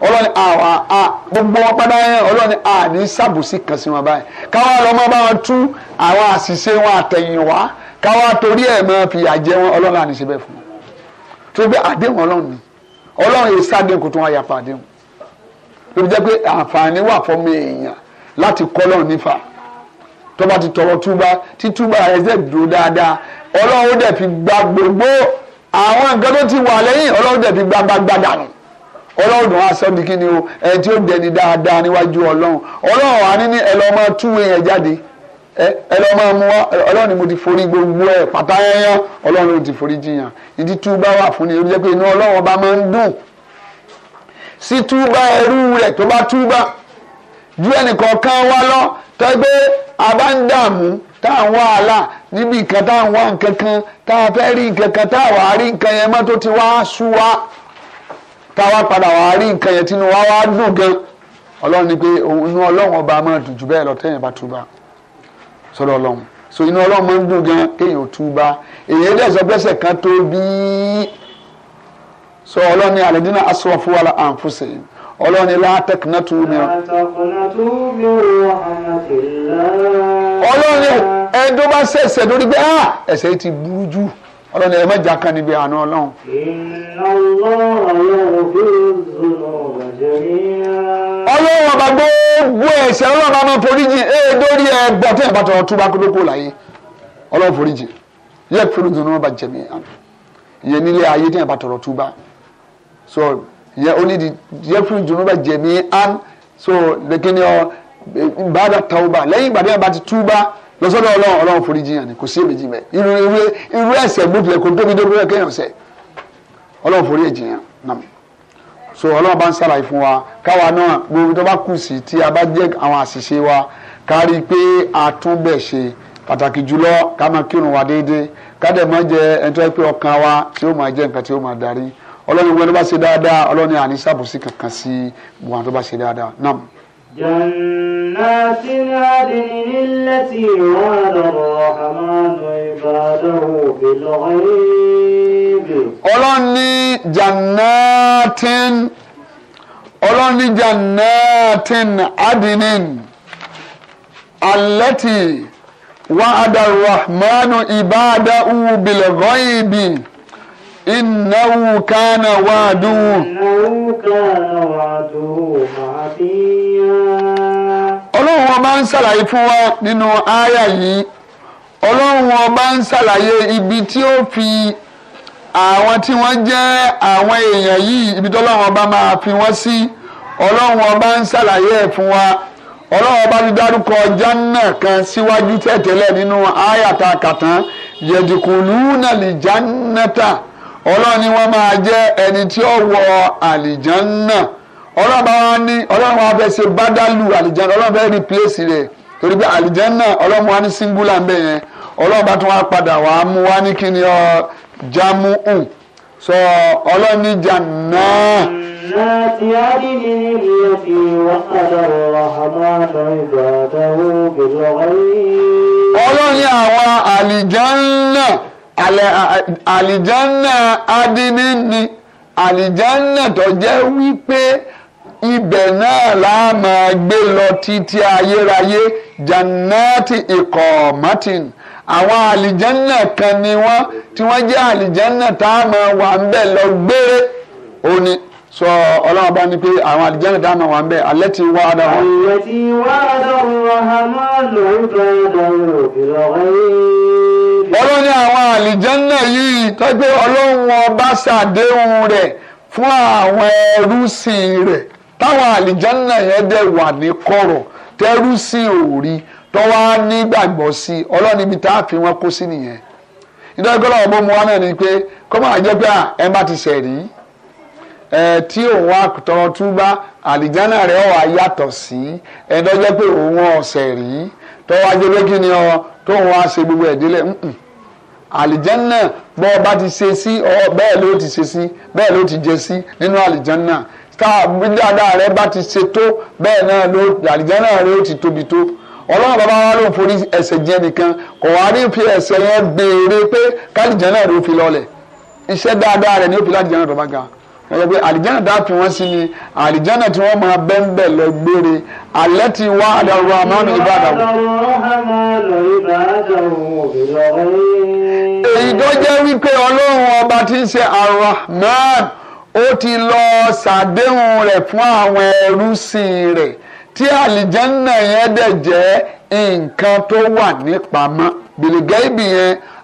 ọlọ́ni àwa a gbogbo wọn padà yẹn ọlọ́ni a ní sàbòsí kan sí wọn báyìí káwa lọ máa bá wọn tú àwọn àṣìṣe wọn àtẹ̀yìn wá káwa torí ẹ̀ máa fìyà jẹ wọn ọlọ́ni àníṣe bẹ́ẹ̀ fún wọn tó gbé àdéhùn ọlọ́run ni ọlọ́run yìí sádéhùn kó tó wọn yàpá àdéhùn ló fi jẹ́ pé àǹfààní wà fún mi èèyàn láti kọ́ lọ́run nífà tó bá ti tọrọ túbá tí túbá rẹ̀ dúró dáadáa ọlọ́run dẹ̀ fi gba gbogbo àwọn nǹkan tó ti wà lẹ́yìn ọlọ́run dẹ̀ fi gba gbàgbà dànù ọlọ́run á sọ ní kí ni o ẹni tí ó dẹni dáadáa níwájú ọlọ́run ọlọ́run á ní ẹ lọ́ọ́ máa túwé yẹn jáde ẹ lọ́ọ́ máa mú wá ọlọ́run ni mo ti forí gbogbo ẹ̀ pátá yẹn ọlọ́run ló ti forí jiyàn ìdí túbá wà fún ni ó jẹ́ pé inú ọlọ́run ọba máa ń dùn sí túbá ẹrú rẹ̀ tó bá túbá ju ẹnìkọ̀ọ̀kan wá lọ tọ́ pé a bá ń dààmú tá à ń wá àlà níbi nǹkan tá à ń wá nǹkan kan tá a fẹ́ rí nǹkan kan tá à wá rí nǹkan yẹn mọ́ tó ti wá sú wa táwa padà wàá rí nǹkan yẹn tínú wa wá dùn gan ọlọ́run ni pé inú ọlọ́run ọba máa dùn jù bẹ́ẹ̀ lọ téèyàn bá túbà sọ́dọ̀ ọlọ́run so inú ọlọ́run máa ń dùn gan kéèyàn ò túbà èyàn dẹ̀ sọ gbẹ́sẹ̀ kan tó bíi so ọlọ́run ni alẹ́dínà asọ́fún wa la à ń fún sẹ́yìn ọlọ́run ni látẹ̀kùnà tó mi. ọlọ́run ẹ̀ẹ́dọ́ bá ṣẹ̀ṣẹ̀ lórí pé ah, ẹ̀ṣẹ̀ ti burú jù ọlọ́ni ẹ mẹ́jà kan níbi àánú ọlọ́run. ọlọ́run ọba gbogbo ẹ̀ṣẹ̀ ọlọ́run ọba máa foríjì ee dórí ẹ bọ̀ tẹ́ ẹ̀ bá tọrọ túbá kó tó kó láyé ọlọ́run foríjì yẹ kúrò nínú ọba jẹ̀mí ìyẹn nílé ayé tẹ́ ẹ̀ bá so yẹ ó ní di yẹ kúrò nínú ọba jẹ̀mí an so lẹ́kìnní ọ bàdà tàwọn bá lẹ́yìn ìgbà tẹ́ ẹ̀ lọ́sọ́dọ̀ ọlọ́run ọlọ́run forí jiyàn ni kò sí èmi jiyàn irú irú irú ẹ̀ṣẹ̀ gbódìlẹ̀ kò tóbi dóbi kéèyàn ṣẹ̀ ọlọ́run forí èjìyàn nàm so ọlọ́run bá ń ṣàlàyé fún wa káwa náà gbogbo tó bá kù sí tí a bá jẹ́ àwọn àṣìṣe wa ká rí i pé a tún bẹ̀ ṣe pàtàkì jùlọ ká máa kírun wa déédéé ká dẹ̀ máa jẹ ẹni tó yẹ pé ọkàn wa tí ó máa jẹ́ nǹkan tí ó máa darí ọlọ́run gbogbo ẹni bá ṣe dáadáa ọlọ́run ní àníṣàbòsí kankan sí gbogbo àwọn tó bá ṣe dáadáa nàm. جنات عدن التي وعد الرحمن عباده بالغيب ọlọ́ni jannatin ọlọ́ni jannatin adinin alẹ́tì wàhádà rahmanu ibadahu bilghaibi. إنه كان وعده ọlọ́run ọba ń ṣàlàyé fún wa nínú àyà yìí ọlọ́run ọba ń ṣàlàyé ibi tí ó fi àwọn tí wọ́n jẹ́ àwọn èèyàn yìí ibi tí ọlọ́run ọba máa fi wọ́n sí ọlọ́run ọba ń ṣàlàyé ẹ̀ fún wa kan síwájú tẹ̀tẹ̀lẹ̀ nínú àyà náà ọlọ́run ni wọ́n máa jẹ́ ẹni tí ó wọ àlìjánná ọlọ́run bá wá ní ọlọ́run wa fẹ́ ṣe bádàlù àlìjánná ọlọ́run fẹ́ replace rẹ̀ torí pé àlìjánná ọlọ́run wa ní singular ń bẹ̀ yẹn ọlọ́run bá tún wá padà wá mú wá ní kíni ọ jamu'u sọ ọlọ́run ní jàǹnà. جنات ọlọ́run ní àwa àlìjánná àlìjánná adínní ni àlìjánná tó jẹ́ wípé ibẹ̀ náà la máa gbé lọ títí ayérayé jannati ikọ̀ọ̀mọ́tìn àwọn àlìjánná kan ni wọ́n tí wọ́n jẹ́ àlìjánná tá a máa wà ń bẹ̀ lọ gbére òní sọ ọlọ́run bá ní pé àwọn àlìjánná tá a máa wà ń bẹ̀ alẹ́ ti wá dà wọ́n. ti wá dà wọ́n hàn máa lòún tó lọ́wọ́ yìí àlìjánná yìí tọ́jú ọlọ́run ọba ṣàdéhùn rẹ̀ fún àwọn ẹrúsìn rẹ̀ táwọn àlìjánná yẹn dẹ̀ wà ní kọ̀rọ̀ tẹ́rúsìn ò rí tọ́wá nígbàgbọ́ sí ọlọ́run ibi tá a fi wọ́n kó sí nìyẹn ìdájọ́lá ọ̀bọ mu wa náà ni pé kọ́ máa jẹ́ pé ẹ má ti sẹ̀ rí ẹ tí òun wá tọrọ túbá àlìjánná rẹ̀ wà yàtọ̀ sí ẹ̀dọ́jẹ́ pé òun ọ̀sẹ̀ rí tọ́wá jẹ́ pé kí ni ọ tóun wá ṣe gbogbo ẹ̀dílẹ̀ àlìjánná bọ́ ọba ti ṣe sí bẹ́ẹ̀ ló ti ṣe sí bẹ́ẹ̀ ló ti jẹ sí nínú àlìjánná tá bí dáadáa rẹ bá ti ṣe tó bẹ́ẹ̀ náà ló àlìjánná rẹ ó ti tóbi tó ọlọ́run bàbá wa ló ń forí ẹ̀ṣẹ̀ jẹ nìkan kò wá rí fi ẹ̀ṣẹ̀ yẹn béèrè pé kálíjánná rẹ ó fi lọ́lẹ̀ iṣẹ́ dáadáa rẹ ni ó fi láti jẹ́ bá ga wọ́n yẹ pé àlìjáná dáàtú wọn sí ni àlìjáná tí wọ́n máa bẹ́ńbẹ́ lọ gbére alẹ́ ti wá àdàrú àmọ́nù ìbàdàn. èyí tó jẹ́ wípé ọlọ́run ọba tí ń ṣe arahman ó ti lọ ṣàdéhùn rẹ̀ fún àwọn ẹrú sìn rẹ̀ tí àlìjáná yẹn dẹ̀ jẹ́ nǹkan tó wà nípamọ́ bìlìgẹ́ ibì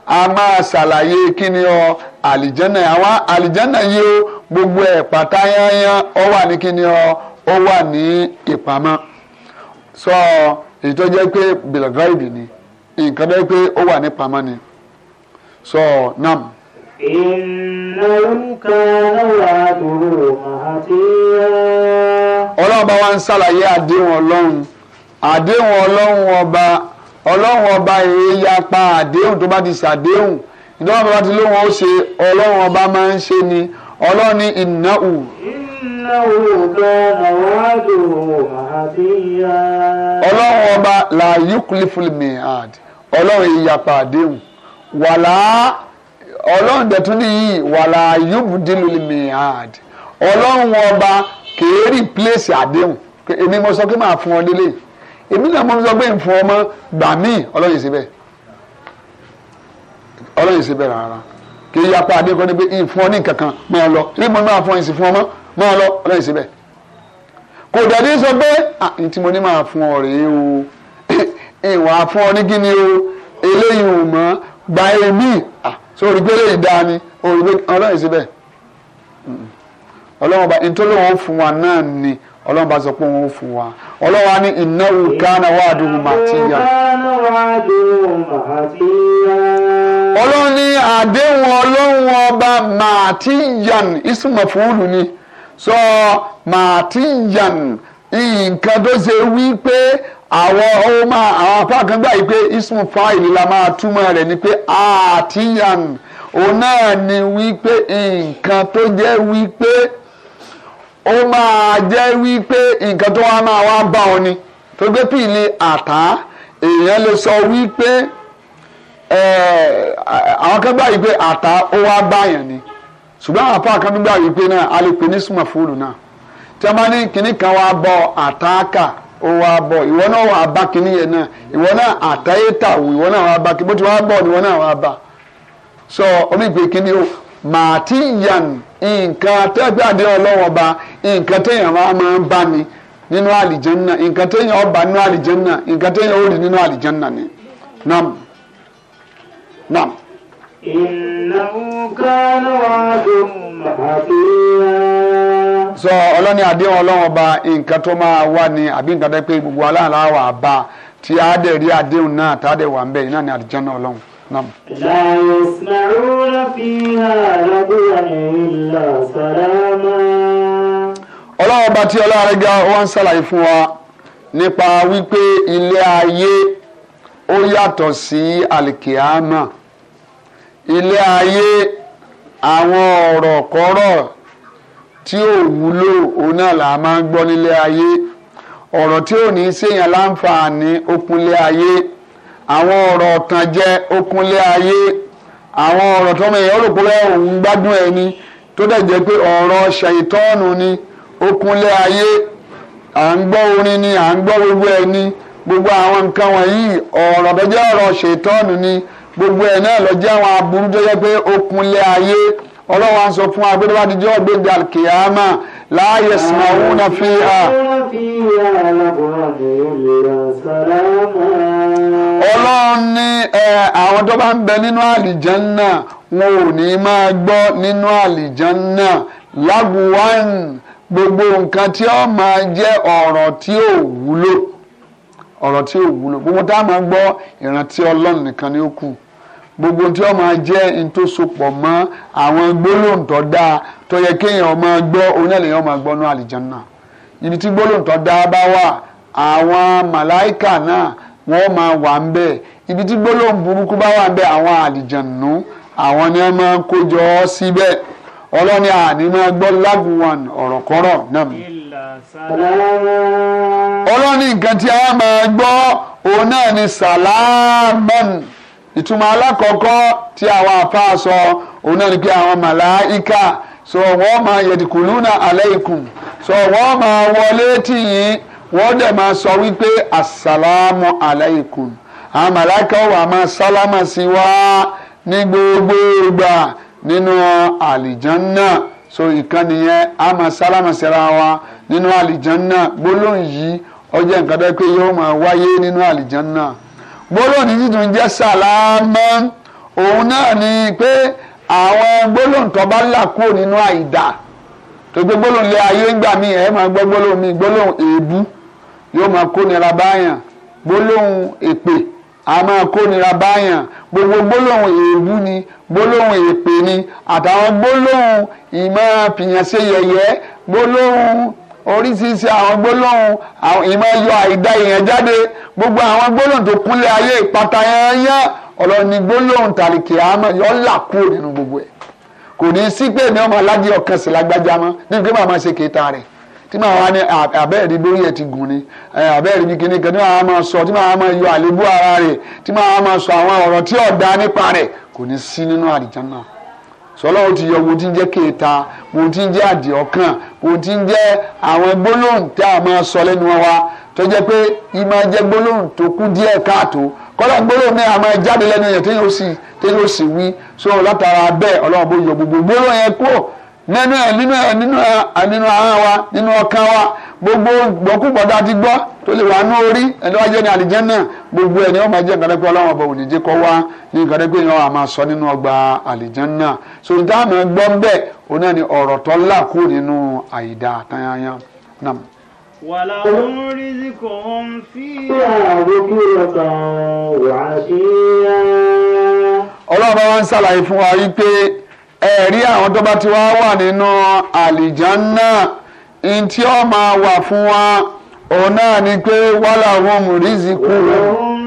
a máa ṣàlàyé kí ni ọ àlìjáná àwọn àlìjáná yìí ó gbogbo ẹ̀ pátá yányán ó wà ní kíni ọ ó wà ní ìpamọ́ sọ èyí pé bilgaidi ni nǹkan tó pé ó wà ní pamọ́ ni sọ nam. ọlọ́run bá wa ń ṣàlàyé àdéhùn ọlọ́run àdéhùn ọlọ́run ọba ọlọ́run ọba èyí yapa àdéhùn tó bá ti ṣàdéhùn ìdánwò bá ti lóhùn ó ṣe ọlọ́run ọba máa ń ṣe ni ọlọ́run ní ìnáwó. ìnáwó gbọ́dọ̀ wádùn àbíyá. ọlọ́run ọba la yúkúlífùlì mihad ọlọ́run ìyapa àdéhùn wàlá ọlọ́run dẹ̀tún nìyí wàlá yúbùdílùlì mihad ọlọ́run ọba kèé rìpléṣì àdéhùn èmi mo sọ pé màá fún ọ délé èmi náà mo sọ pé n fún ọmọ gbà míì ọlọ́run yìí ọlọ́run yìí rárá kì í yapa adé kọ́ ni pé ìfún ọ ní kankan máa lọ ilé mo ní máa fún ọ ìsìn fún ọmọ máa lọ ọlọ́run síbẹ̀ kò dàdí sọ pé ní tí mo ní máa fún ọ rèé o ìwà fún ọ ní kíni o eléyìí ò mọ́ gba èmi sórí pé eléyìí dáa ni ọlọ́run síbẹ̀ ọlọ́run bá ntọ́lọ́wọ́ fún wa náà ni ọlọ́run bá sọ pé òun ò fún wa ọlọ́run á ní ìnáwó gánà wàdùn màtíyà. ìnáwó gánà wàdùn màtíyà. ọlọ́run ní àdéhùn ọlọ́run ọba martian ismafulu ni sọ màtíyàn nǹkan tó ṣe wí pé àwọn ọmọ àwọn apá kan gbà yìí pé ismu la máa túmọ̀ rẹ̀ ni pé òun wípé nǹkan tó jẹ́ wípé ó máa jẹ́ wípé nǹkan tó wá máa wá bá ọ ni tó gbé pìlì èèyàn wípé. àwọn kan gbà yìí pé àtà ó wá ni ṣùgbọ́n àwọn apá kan gbà yìí pé náà a lè pè ní súnmọ̀ fóònù náà tí wọ́n bá ní kinní kan wá bọ̀ àtàkà ó wá bọ̀ ìwọ náà wà bá kinní yẹn náà ìwọ náà àtàyè tàwù ìwọ náà wà bá kinní bó ti wá ìwọ náà wà bá sọ yan nǹkan tẹ́gbàdé ọlọ́wọ́ ba nǹkan téèyàn wá máa ń bá ni nínú nǹkan téèyàn nínú nǹkan téèyàn ó rí nínú نعم إنه كان وعده محقيا sọ ọlọ́ni àdéhùn ọlọ́run ọba nǹkan tó máa wà ní àbí nǹkan tó pé gbogbo aláàlá wà bá tí a dẹ̀ rí àdéhùn náà tá a dẹ̀ wà ń bẹ̀ náà ni àdìjọ́nà ọlọ́run náà. لا يسمعون فيها لغوا إلا سلاما. ọlọ́run ọba tí ọlọ́run rẹ̀ wọ́n ń ṣàlàyé fún wa nípa wípé ilé ayé ó yàtọ̀ sí alikiyama ilé ayé àwọn ọ̀rọ̀ kọ́rọ̀ tí ò wúlò òun náà là máa ń gbọ́ nílé ayé ọ̀rọ̀ tí ò ní séèyàn láǹfààní okunlé ayé àwọn ọ̀rọ̀ ọ̀tàn jẹ́ okunlé ayé àwọn ọ̀rọ̀ tọ́mọ èèyàn rò pé òun gbádùn ẹni tó dẹ̀ jẹ́ pé ọ̀rọ̀ ṣàìtọ́ọ̀nù ni okunlé ayé à ń gbọ́ orin ni à ń gbọ́ gbogbo ẹni gbogbo àwọn nǹkan wọ̀nyí ọ̀rọ̀ tó ọ̀rọ̀ ṣètọ́nù ni gbogbo ẹ̀ náà lọ àwọn aburú tó pé ó kunlẹ̀ ayé ọlọ́wọ́ à ń sọ fún agbẹ́dẹ́ bá ti jẹ́ ọ̀gbẹ́dẹ́ alkiyama láàyè sinamu na fi hà. ọlọ́run ní àwọn tó bá ń bẹ nínú àlìjánná wọn ò ní máa gbọ́ nínú àlìjánná lágùwán gbogbo nǹkan tí ó máa jẹ́ ọ̀rọ̀ tí ò wúlò ọ̀rọ̀ tí ò wúlò gbogbo tá a máa gbọ́ ìrántí ọlọ́run nìkan ni ó kù gbogbo tí wọ́n máa jẹ́ n tó sopọ̀ mọ́ àwọn gbólóhùn tó dáa tó yẹ kéèyàn máa gbọ́ onílẹ̀yìn máa gbọ́ ní àlìjánná ibi tí gbólóhùn tó dáa bá wà àwọn màláìkà náà wọ́n máa wà ń bẹ̀ ibi tí gbólóhùn burúkú bá wà ń bẹ̀ àwọn àlìjànnú àwọn ni wọ́n máa kójọ ọ́ síbẹ̀ ọlọ́ni àní máa gbọ́ lágùnwàn ọ̀rọ̀kọ́rọ̀ náà ọlọ́run ní nǹkan tí a máa gbọ́ òun náà ni salaman ìtumọ̀ alákọ̀ọ́kọ́ tí àwọn àfáà sọ òun náà ni pé àwọn màláìka sọ wọ́n máa yẹ̀dìkùlúnà alaykum sọ wọ́n máa wọlé tì yín wọ́n dẹ̀ máa sọ wípé asàlámù alaykum àwọn màláìka wà máa sálámà sí wa ní gbogbo ìgbà nínú àlìjánná so ìkànnì yẹn a máa sálámà síra wa nínú àlìjánná gbólóhùn yìí ó jẹ́ nǹkan tó pé yóò máa wáyé nínú àlìjánná gbólóhùn títún jẹ́ sàlámà òun náà ni pé àwọn gbólóhùn tó bá là kúrò nínú àìdá tó gbé gbólóhùn lé ayé ń gbà mí ẹ máa gbọ́ gbólóhùn mi gbólóhùn èébú yóò máa kó nira báyàn gbólóhùn èpè a máa kó nira báyàn gbogbo gbólóhùn èébú ni gbólóhùn èpè ni àtàwọn gbólóhùn ìmọ̀ fìyànṣe yẹ̀yẹ́ gbólóhùn oríṣiríṣi àwọn gbólóhùn àwọn ìmọ̀ ẹyọ àìdá èèyàn jáde gbogbo àwọn gbólóhùn tó kúnlẹ̀ ayé ìpàtà yẹn yẹn ọlọ́run ní gbólóhùn tàlìkì àmọ́ yọ là kúrò nínú gbogbo ẹ̀ kò ní í sí pé èmi ọmọ aládìí ọkàn sí lágbájá mọ́ níbi pé màmá ṣe kéta rẹ̀ tí màá wá ní abẹ́ẹ̀rí lórí ẹ̀ ti gùn ni abẹ́ẹ̀rí bí kíní kan tí màá máa sọ tí màá máa yọ àlébù ara rẹ̀ tí màá máa sọ àwọn ọ̀rọ̀ tí ọ̀dà nípa rẹ̀ kò ní í sí nínú àlìjánnà náà sọlá o ti yọ wo ti ń jẹ́ kéèta wo ti ń jẹ́ àdì ọkàn wo ti ń jẹ́ àwọn gbólóhùn tá a máa sọ lẹ́nu wa tó jẹ́ pé i máa jẹ́ gbólóhùn tó kú díẹ̀ káàtó kọ́lá gbólóhùn náà a máa jáde lẹ́nu yẹn téyìn ó sì téyìn ó sì wí so látara bẹ́ẹ̀ ọlọ́run bó yọ gbogbo gbólóhùn yẹn kúrò nínú ẹ nínú ẹ nínú ẹ nínú ara wa nínú ọkàn wa gbogbo gbọkúgbọdá ti gbọ́ tó lè wà ní orí ẹni wá jẹ ní àlìjẹnà gbogbo ẹ ní ọmọ jẹ nǹkan dẹgbẹ Ọlọ́run ọbọ òní kọ wá ní nǹkan dẹgbẹ yẹn wà máa sọ nínú ọgbà àlìjẹnà so dáàmú gbọ́ ń bẹ̀ òun náà ni ọ̀rọ̀ tó ńlá kú nínú àyídá tanyanya. wàlàhùn rìzìkùn fi àrùn Ọlọ́run bá wá ń ṣàlàyé fún wa yí ẹ̀rí àwọn tó bá ti wá wà nínú àlìjánná ní tí ó máa wà fún wa òun náà ni pé wàhálà wọn mú rìzìkù. ọlọ́run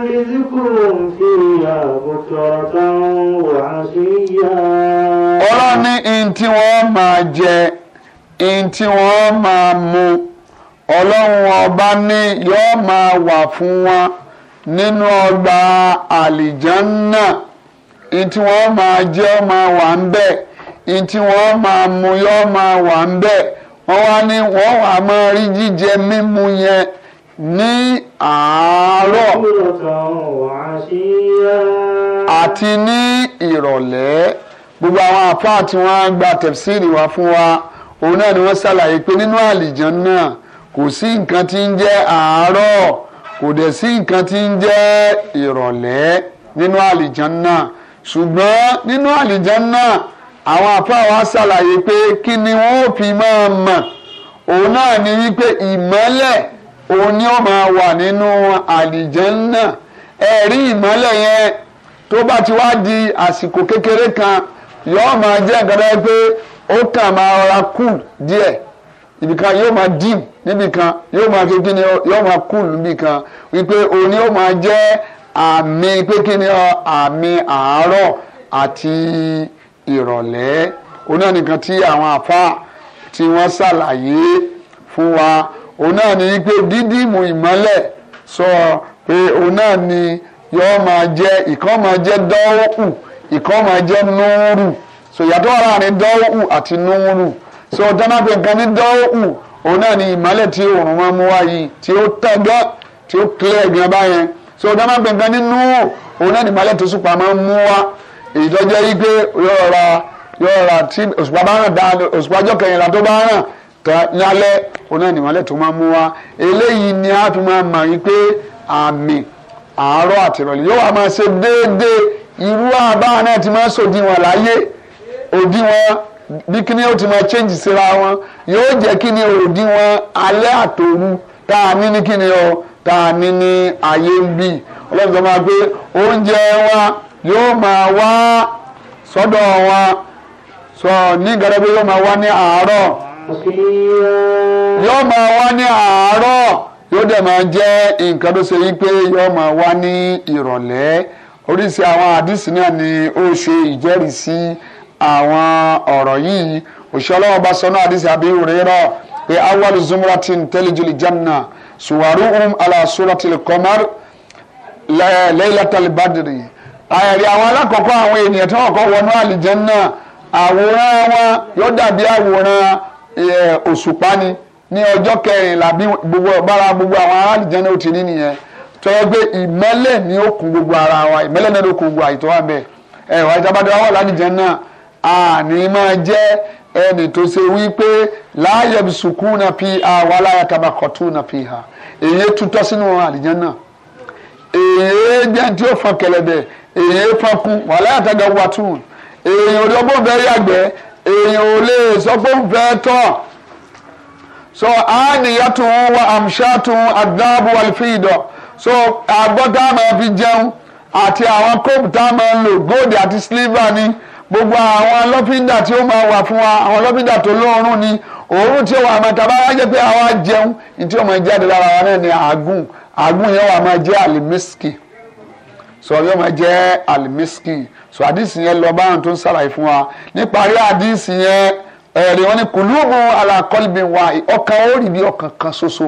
ní ní wọ́n máa jẹ ní wọ́n máa mu ọlọ́run ọba ní yóò máa wà fún wa nínú ọgbà àlìjánná ntí wọ́n máa jẹ ọ máa wà ń bẹ ntí wọ́n máa mu yọ máa wà ń bẹ wọ́n wá ní wọ́n wà máa rí jíjẹ mímu yẹn ní àárọ̀ àti ní ìrọ̀lẹ́ gbogbo àwọn àfáà tí wọ́n gba tẹ̀síìrì wá fún wa òun náà ni wọ́n ṣàlàyé pé nínú àlìjàn náà kò sí nǹkan tí ń jẹ́ àárọ̀ kò dẹ̀ sí nǹkan tí ń jẹ́ ìrọ̀lẹ́ nínú àlìjàn náà ṣùgbọ́n nínú àlìjánná àwọn àfáà wa ṣàlàyé pé kí ni wọ́n ó fi máa mọ̀ òun náà ni wípé ìmọ́lẹ̀ òun ni ó máa wà nínú àlìjánná ẹ̀rí ìmọ́lẹ̀ yẹn tó bá ti wá di àsìkò kékeré kan yóò máa jẹ́ nǹkan bẹ́ẹ̀ pé ó kàn máa rọra kù díẹ̀ ibìkan yóò máa dìm níbìkan yóò máa kékeré yóò máa kù níbìkan wípé òun ni ó máa jẹ́ àmì pé kí ni àmì àárọ̀ àti ìrọ̀lẹ́ òun náà nìkan tí àwọn àfa tí wọ́n ṣàlàyé fún wa òun náà ní pé dídìmù ìmọ́lẹ̀ sọ pé òun náà ni yọ́ máa jẹ́ ìkan máa jẹ́ dọ́wọ́kù ìkan máa jẹ́ núrù so ìyàtọ̀ wà láàrin dọ́wọ́kù àti núrù so dánábì nǹkan ní dọ́wọ́kù òun náà ni ìmọ́lẹ̀ tí òòrùn máa mú wáyé tí ó tẹ̀ tí ó clear gan báyẹn so ọ̀gá máa ń pè nǹkan ní núù òun náà nìmọ́lẹ̀ tó ṣùpá máa ń mú wá èyí tó jẹ́ wípé yóò ra yóò ra tí òṣùpá bá ràn dáadáa òṣùpá ọjọ́ kẹyìnlá tó bá ràn tán yálẹ̀ òun náà nìmọ́lẹ̀ tó máa ń mú wá eléyìí ni a tún máa mọ̀ wípé àmì àárọ̀ àti ìrọ̀lẹ́ yóò wá máa ṣe déédéé irú àbá náà ti máa ń láyé òdiwọ̀n bí kíní ó ti máa change síra wọn yóò jẹ́ kíní òdiwọ̀n alẹ́ àtòru tá a ní ní kíní o tá a ní ní ayé ń bì ọlọ́run sọ máa gbé oúnjẹ wa yóò máa wá sọ́dọ̀ wa sọ ní gàdàgbé yóò máa wá ní àárọ̀ yóò máa wá ní àárọ̀ yóò dẹ̀ máa jẹ́ nǹkan tó ṣe wípé yóò máa wá ní ìrọ̀lẹ́ oríṣi àwọn àdìsí náà ni ó ṣe ìjẹ́rìísí àwọn ọ̀rọ̀ yìí òṣèlú ọba sọ àdìsí àbí suwaruhum ala suratil qamar laylatal badri àyàrí àwọn alákọ̀ọ́kọ́ àwọn ènìyàn tí wọ́n kọ́ wọnú àlìjẹ́nnà àwòrán wọn yóò dàbí àwòrán òṣùpá ni ní ọjọ́ kẹrìnlá bí gbogbo bára gbogbo àwọn ará àlìjẹ́nnà ó ti rí nìyẹn tó yẹ pé ìmọ́lẹ̀ ni gbogbo ara wa ìmọ́lẹ̀ náà ló kún gbogbo àyè tó wà bẹ́ẹ̀ ẹ̀ wáyé tábàdé wa wà lálìjẹ́nnà àní máa jẹ́ ẹnì tó ṣe wípé láàyè sùkúù náà fi hà wà láyà tabakọ̀tù náà fi hà èyí tutọ́ sínú àlìjánnà èyí jẹ́ tí ó fọn kẹlẹ̀dẹ̀ èyí fọnkú wà láyà tàgà wàtún èyí ò lọ́gbọ́n fẹ́ yàgbẹ́ èyí ò lè sọ pé ń fẹ́ tọ̀ so àníyàtún wa àmṣàtún àdáàbò àlùfíìdọ̀ so àgbọ̀ tá a máa fi jẹun àti àwọn kóòpù tá a máa lò góòdì àti sílífà ni gbogbo àwọn lọ́fíńdà tí ó máa wà fún wa àwọn lọ́fíńdà tó lóorùn ni òórùn tí ó wà máa tàbá wá jẹ́ pé àwa jẹun tí ó máa jáde lára wa náà ni àágùn àágùn yẹn wà máa jẹ́ àlìmísìkì sọ yóò máa jẹ́ àlìmísìkì sọ àdìsí yẹn lọ báwọn tó ń ṣàlàyé fún wa níparí àdìsí yẹn ẹ̀rí wọn ni kùlùmù àlàkọ́lùmí wa ọkàn ó rí bí ọkàn kan ṣoṣo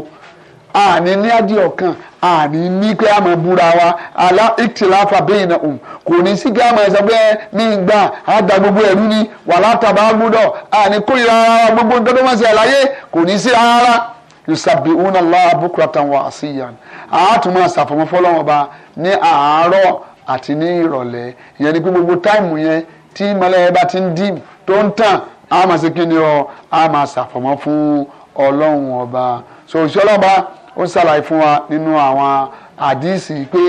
àní ní adìẹ ọ̀kan àní ní pé a máa búra wa alá ìtìláfà bẹ́ẹ̀ náà òun kò ní sí pé a máa sọ pé ní ìgbà àdá gbogbo ẹ̀rú ni wàhálà tàbá gbọ́dọ̀ àní kórìíra ara gbogbo nǹkan tó máa ṣe àlàyé kò ní sí rárá yusabbihuna Allaha bukratan wa asiyan àátùmọ̀ àṣàfọ̀mọ́ fọlọ́wọ́n ba ní àárọ̀ àti ní ìrọ̀lẹ́ ìyẹn ni pé gbogbo táìmù yẹn tí mọ́lẹ́yẹ bá ti ń dì tó ń tàn á máa ṣe kí ni ọ á máa ṣàfọ̀mọ́ fún ọlọ́run ọba so ìṣọlọ́ba ó ṣàlàyé fún wa nínú àwọn àdìsí pé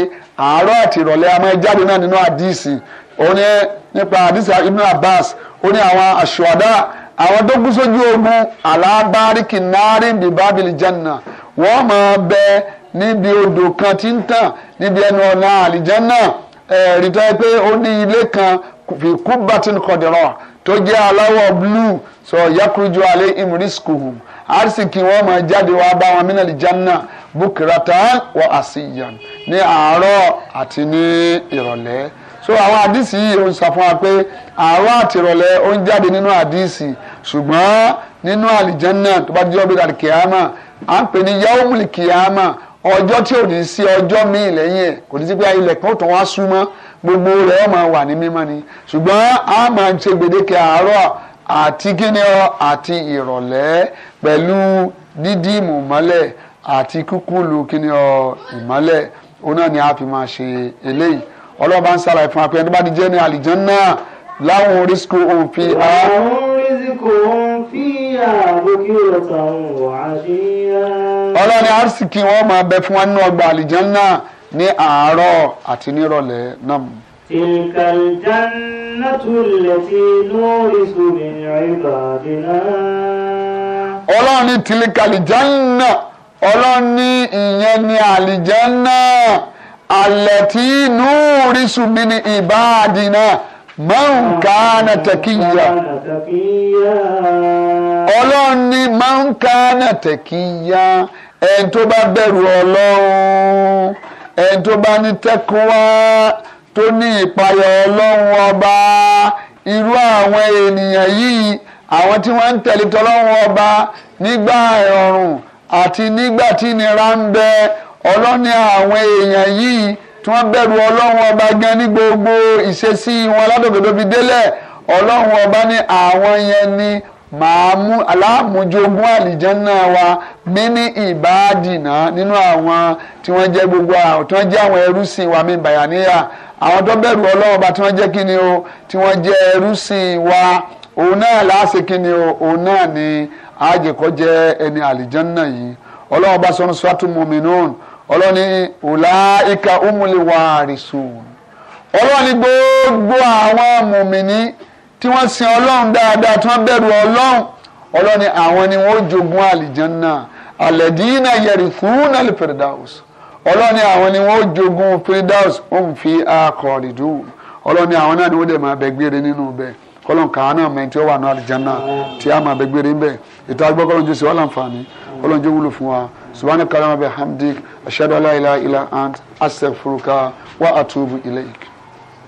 àárọ̀ àti ìrọ̀lẹ́ a máa jáde náà nínú àdìsí òun ní nípa àdìsí Ibn Abbas ó ní àwọn àṣùwádà àwọn tó kú sójú ogun alábáríkì náírà bíbábìlì jẹ́nà wọ́n máa bẹ níbi odò kan tí ń tàn níbi ẹnu ọ̀nà àlìjẹ́nà ẹ̀rí pé ó ní ilé kan fi kú bàtún tó jẹ́ aláwọ̀ blue sọ yakurujú alẹ́ imriskuhum arsiki wọn máa jáde wá bá wọn mínàlì janna bukratan wa asiyan ní àárọ̀ àti ní ìrọ̀lẹ́ so àwọn àdìsí yìí ó ń sọ fún wa pé àárọ̀ àti ìrọ̀lẹ́ ó ń jáde nínú àdìsí ṣùgbọ́n nínú àlìjánná tó bá jẹ́ ọ̀bẹ̀rẹ̀ àlìkìyàmà à ń pè ní yahoo kìyàmà ọjọ́ tí ò ní sí ọjọ́ míì lẹ́yìn ẹ̀ kò ní sí pé ilẹ̀ kan tó wá súnmọ́ gbogbo rẹ̀ ọ̀ máa wà ní mímọ́ ni ṣùgbọ́n a máa ń ṣe gbèdéke àárọ̀ àti kíni ọ àti ìrọ̀lẹ́ pẹ̀lú dídí ìmọ̀mọ́lẹ̀ àti kúkúlù kíni ọ ìmọ́lẹ̀ òun náà ni a fi máa ṣe eléyìí ọlọ́run bá ń sára ìfún apẹ́ ẹni bá ti jẹ́ ní àlìjẹ́ náà láwọn orísun òun fi á. àwọn orísun òun fi á ọlọ́ni arsiki wọ́n máa bẹ fún wa nínú ọgbà àlìjánná ní àárọ̀ àti nírọ̀lẹ́ náà. تلك الجنة التي نورث من عبادنا ọlọ́run ní tìlíkà àlìjánná ọlọ́run ní ìyẹn ní àlìjánná alẹ̀ tí inú orísun mi ní ìbáàdì náà man kana ọlọ́run ní máa ń ká nàtẹ̀kíyá ẹni tó bá bẹ̀rù ọlọ́run ẹni tó bá ní tẹ́kùnwá tó ní ìpayà ọlọ́run ọba irú àwọn ènìyàn yìí àwọn tí wọ́n ń tẹ̀lé tọ́lọ́run ọba nígbà ẹ̀rùn àti nígbà tí ìnira ń bẹ ọlọ́ni àwọn èèyàn yìí tí wọ́n bẹ̀rù ọlọ́run ọba gan ní gbogbo ìṣesí wọn ládòdòdò fi délẹ̀ ọlọ́run ọba ní àwọn yẹn ni màá mú aláàmújogún àlìjánná wa mímí ìbáàdìnà nínú àwọn tí wọ́n jẹ́ gbogbo àwọn tí wọ́n jẹ́ àwọn ẹrú wa mi bàyàníyà àwọn tó bẹ̀rù ọlọ́run bá tí wọ́n jẹ́ kí o tí wọ́n jẹ́ ẹrú wa òun náà láàṣẹ kí ni o òun náà ni àjẹkọ́ jẹ́ ẹni àlìjánná yìí ọlọ́run bá sọnù sọ́tù mọ́mìnún ọlọ́run ni ọ̀làìka ọmọlẹ́wà àrìsùn ọlọ́run ni gbogbo àwọn mọ̀mìnì tí wọ́n sin ọlọ́run dáadáa tí wọ́n bẹ̀rù ọlọ́run ọlọ́run ni àwọn ni wọ́n jogún àlìjánná àlẹ́dínà yẹ̀rì fún nàlẹ́ Firdaus ọlọ́run ni àwọn ni wọ́n jogún Firdaus wọ́n fi akọ̀rì dùn ọlọ́run ni àwọn náà ni wọ́n dẹ̀ máa bẹ gbére nínú bẹ́ẹ̀ kọlọ́n kàn án náà mẹ́rin tí ó wà ní àlìjánná tí a máa bẹ gbére bẹ́ẹ̀ ètò àgbọ̀ kọlọ́n jù sí wà láǹfààní kọlọ́n jù wúlò fún wa subhanahu wa ta'ala wa bihamdik ashhadu an la ilaha illa wa atubu ilayk.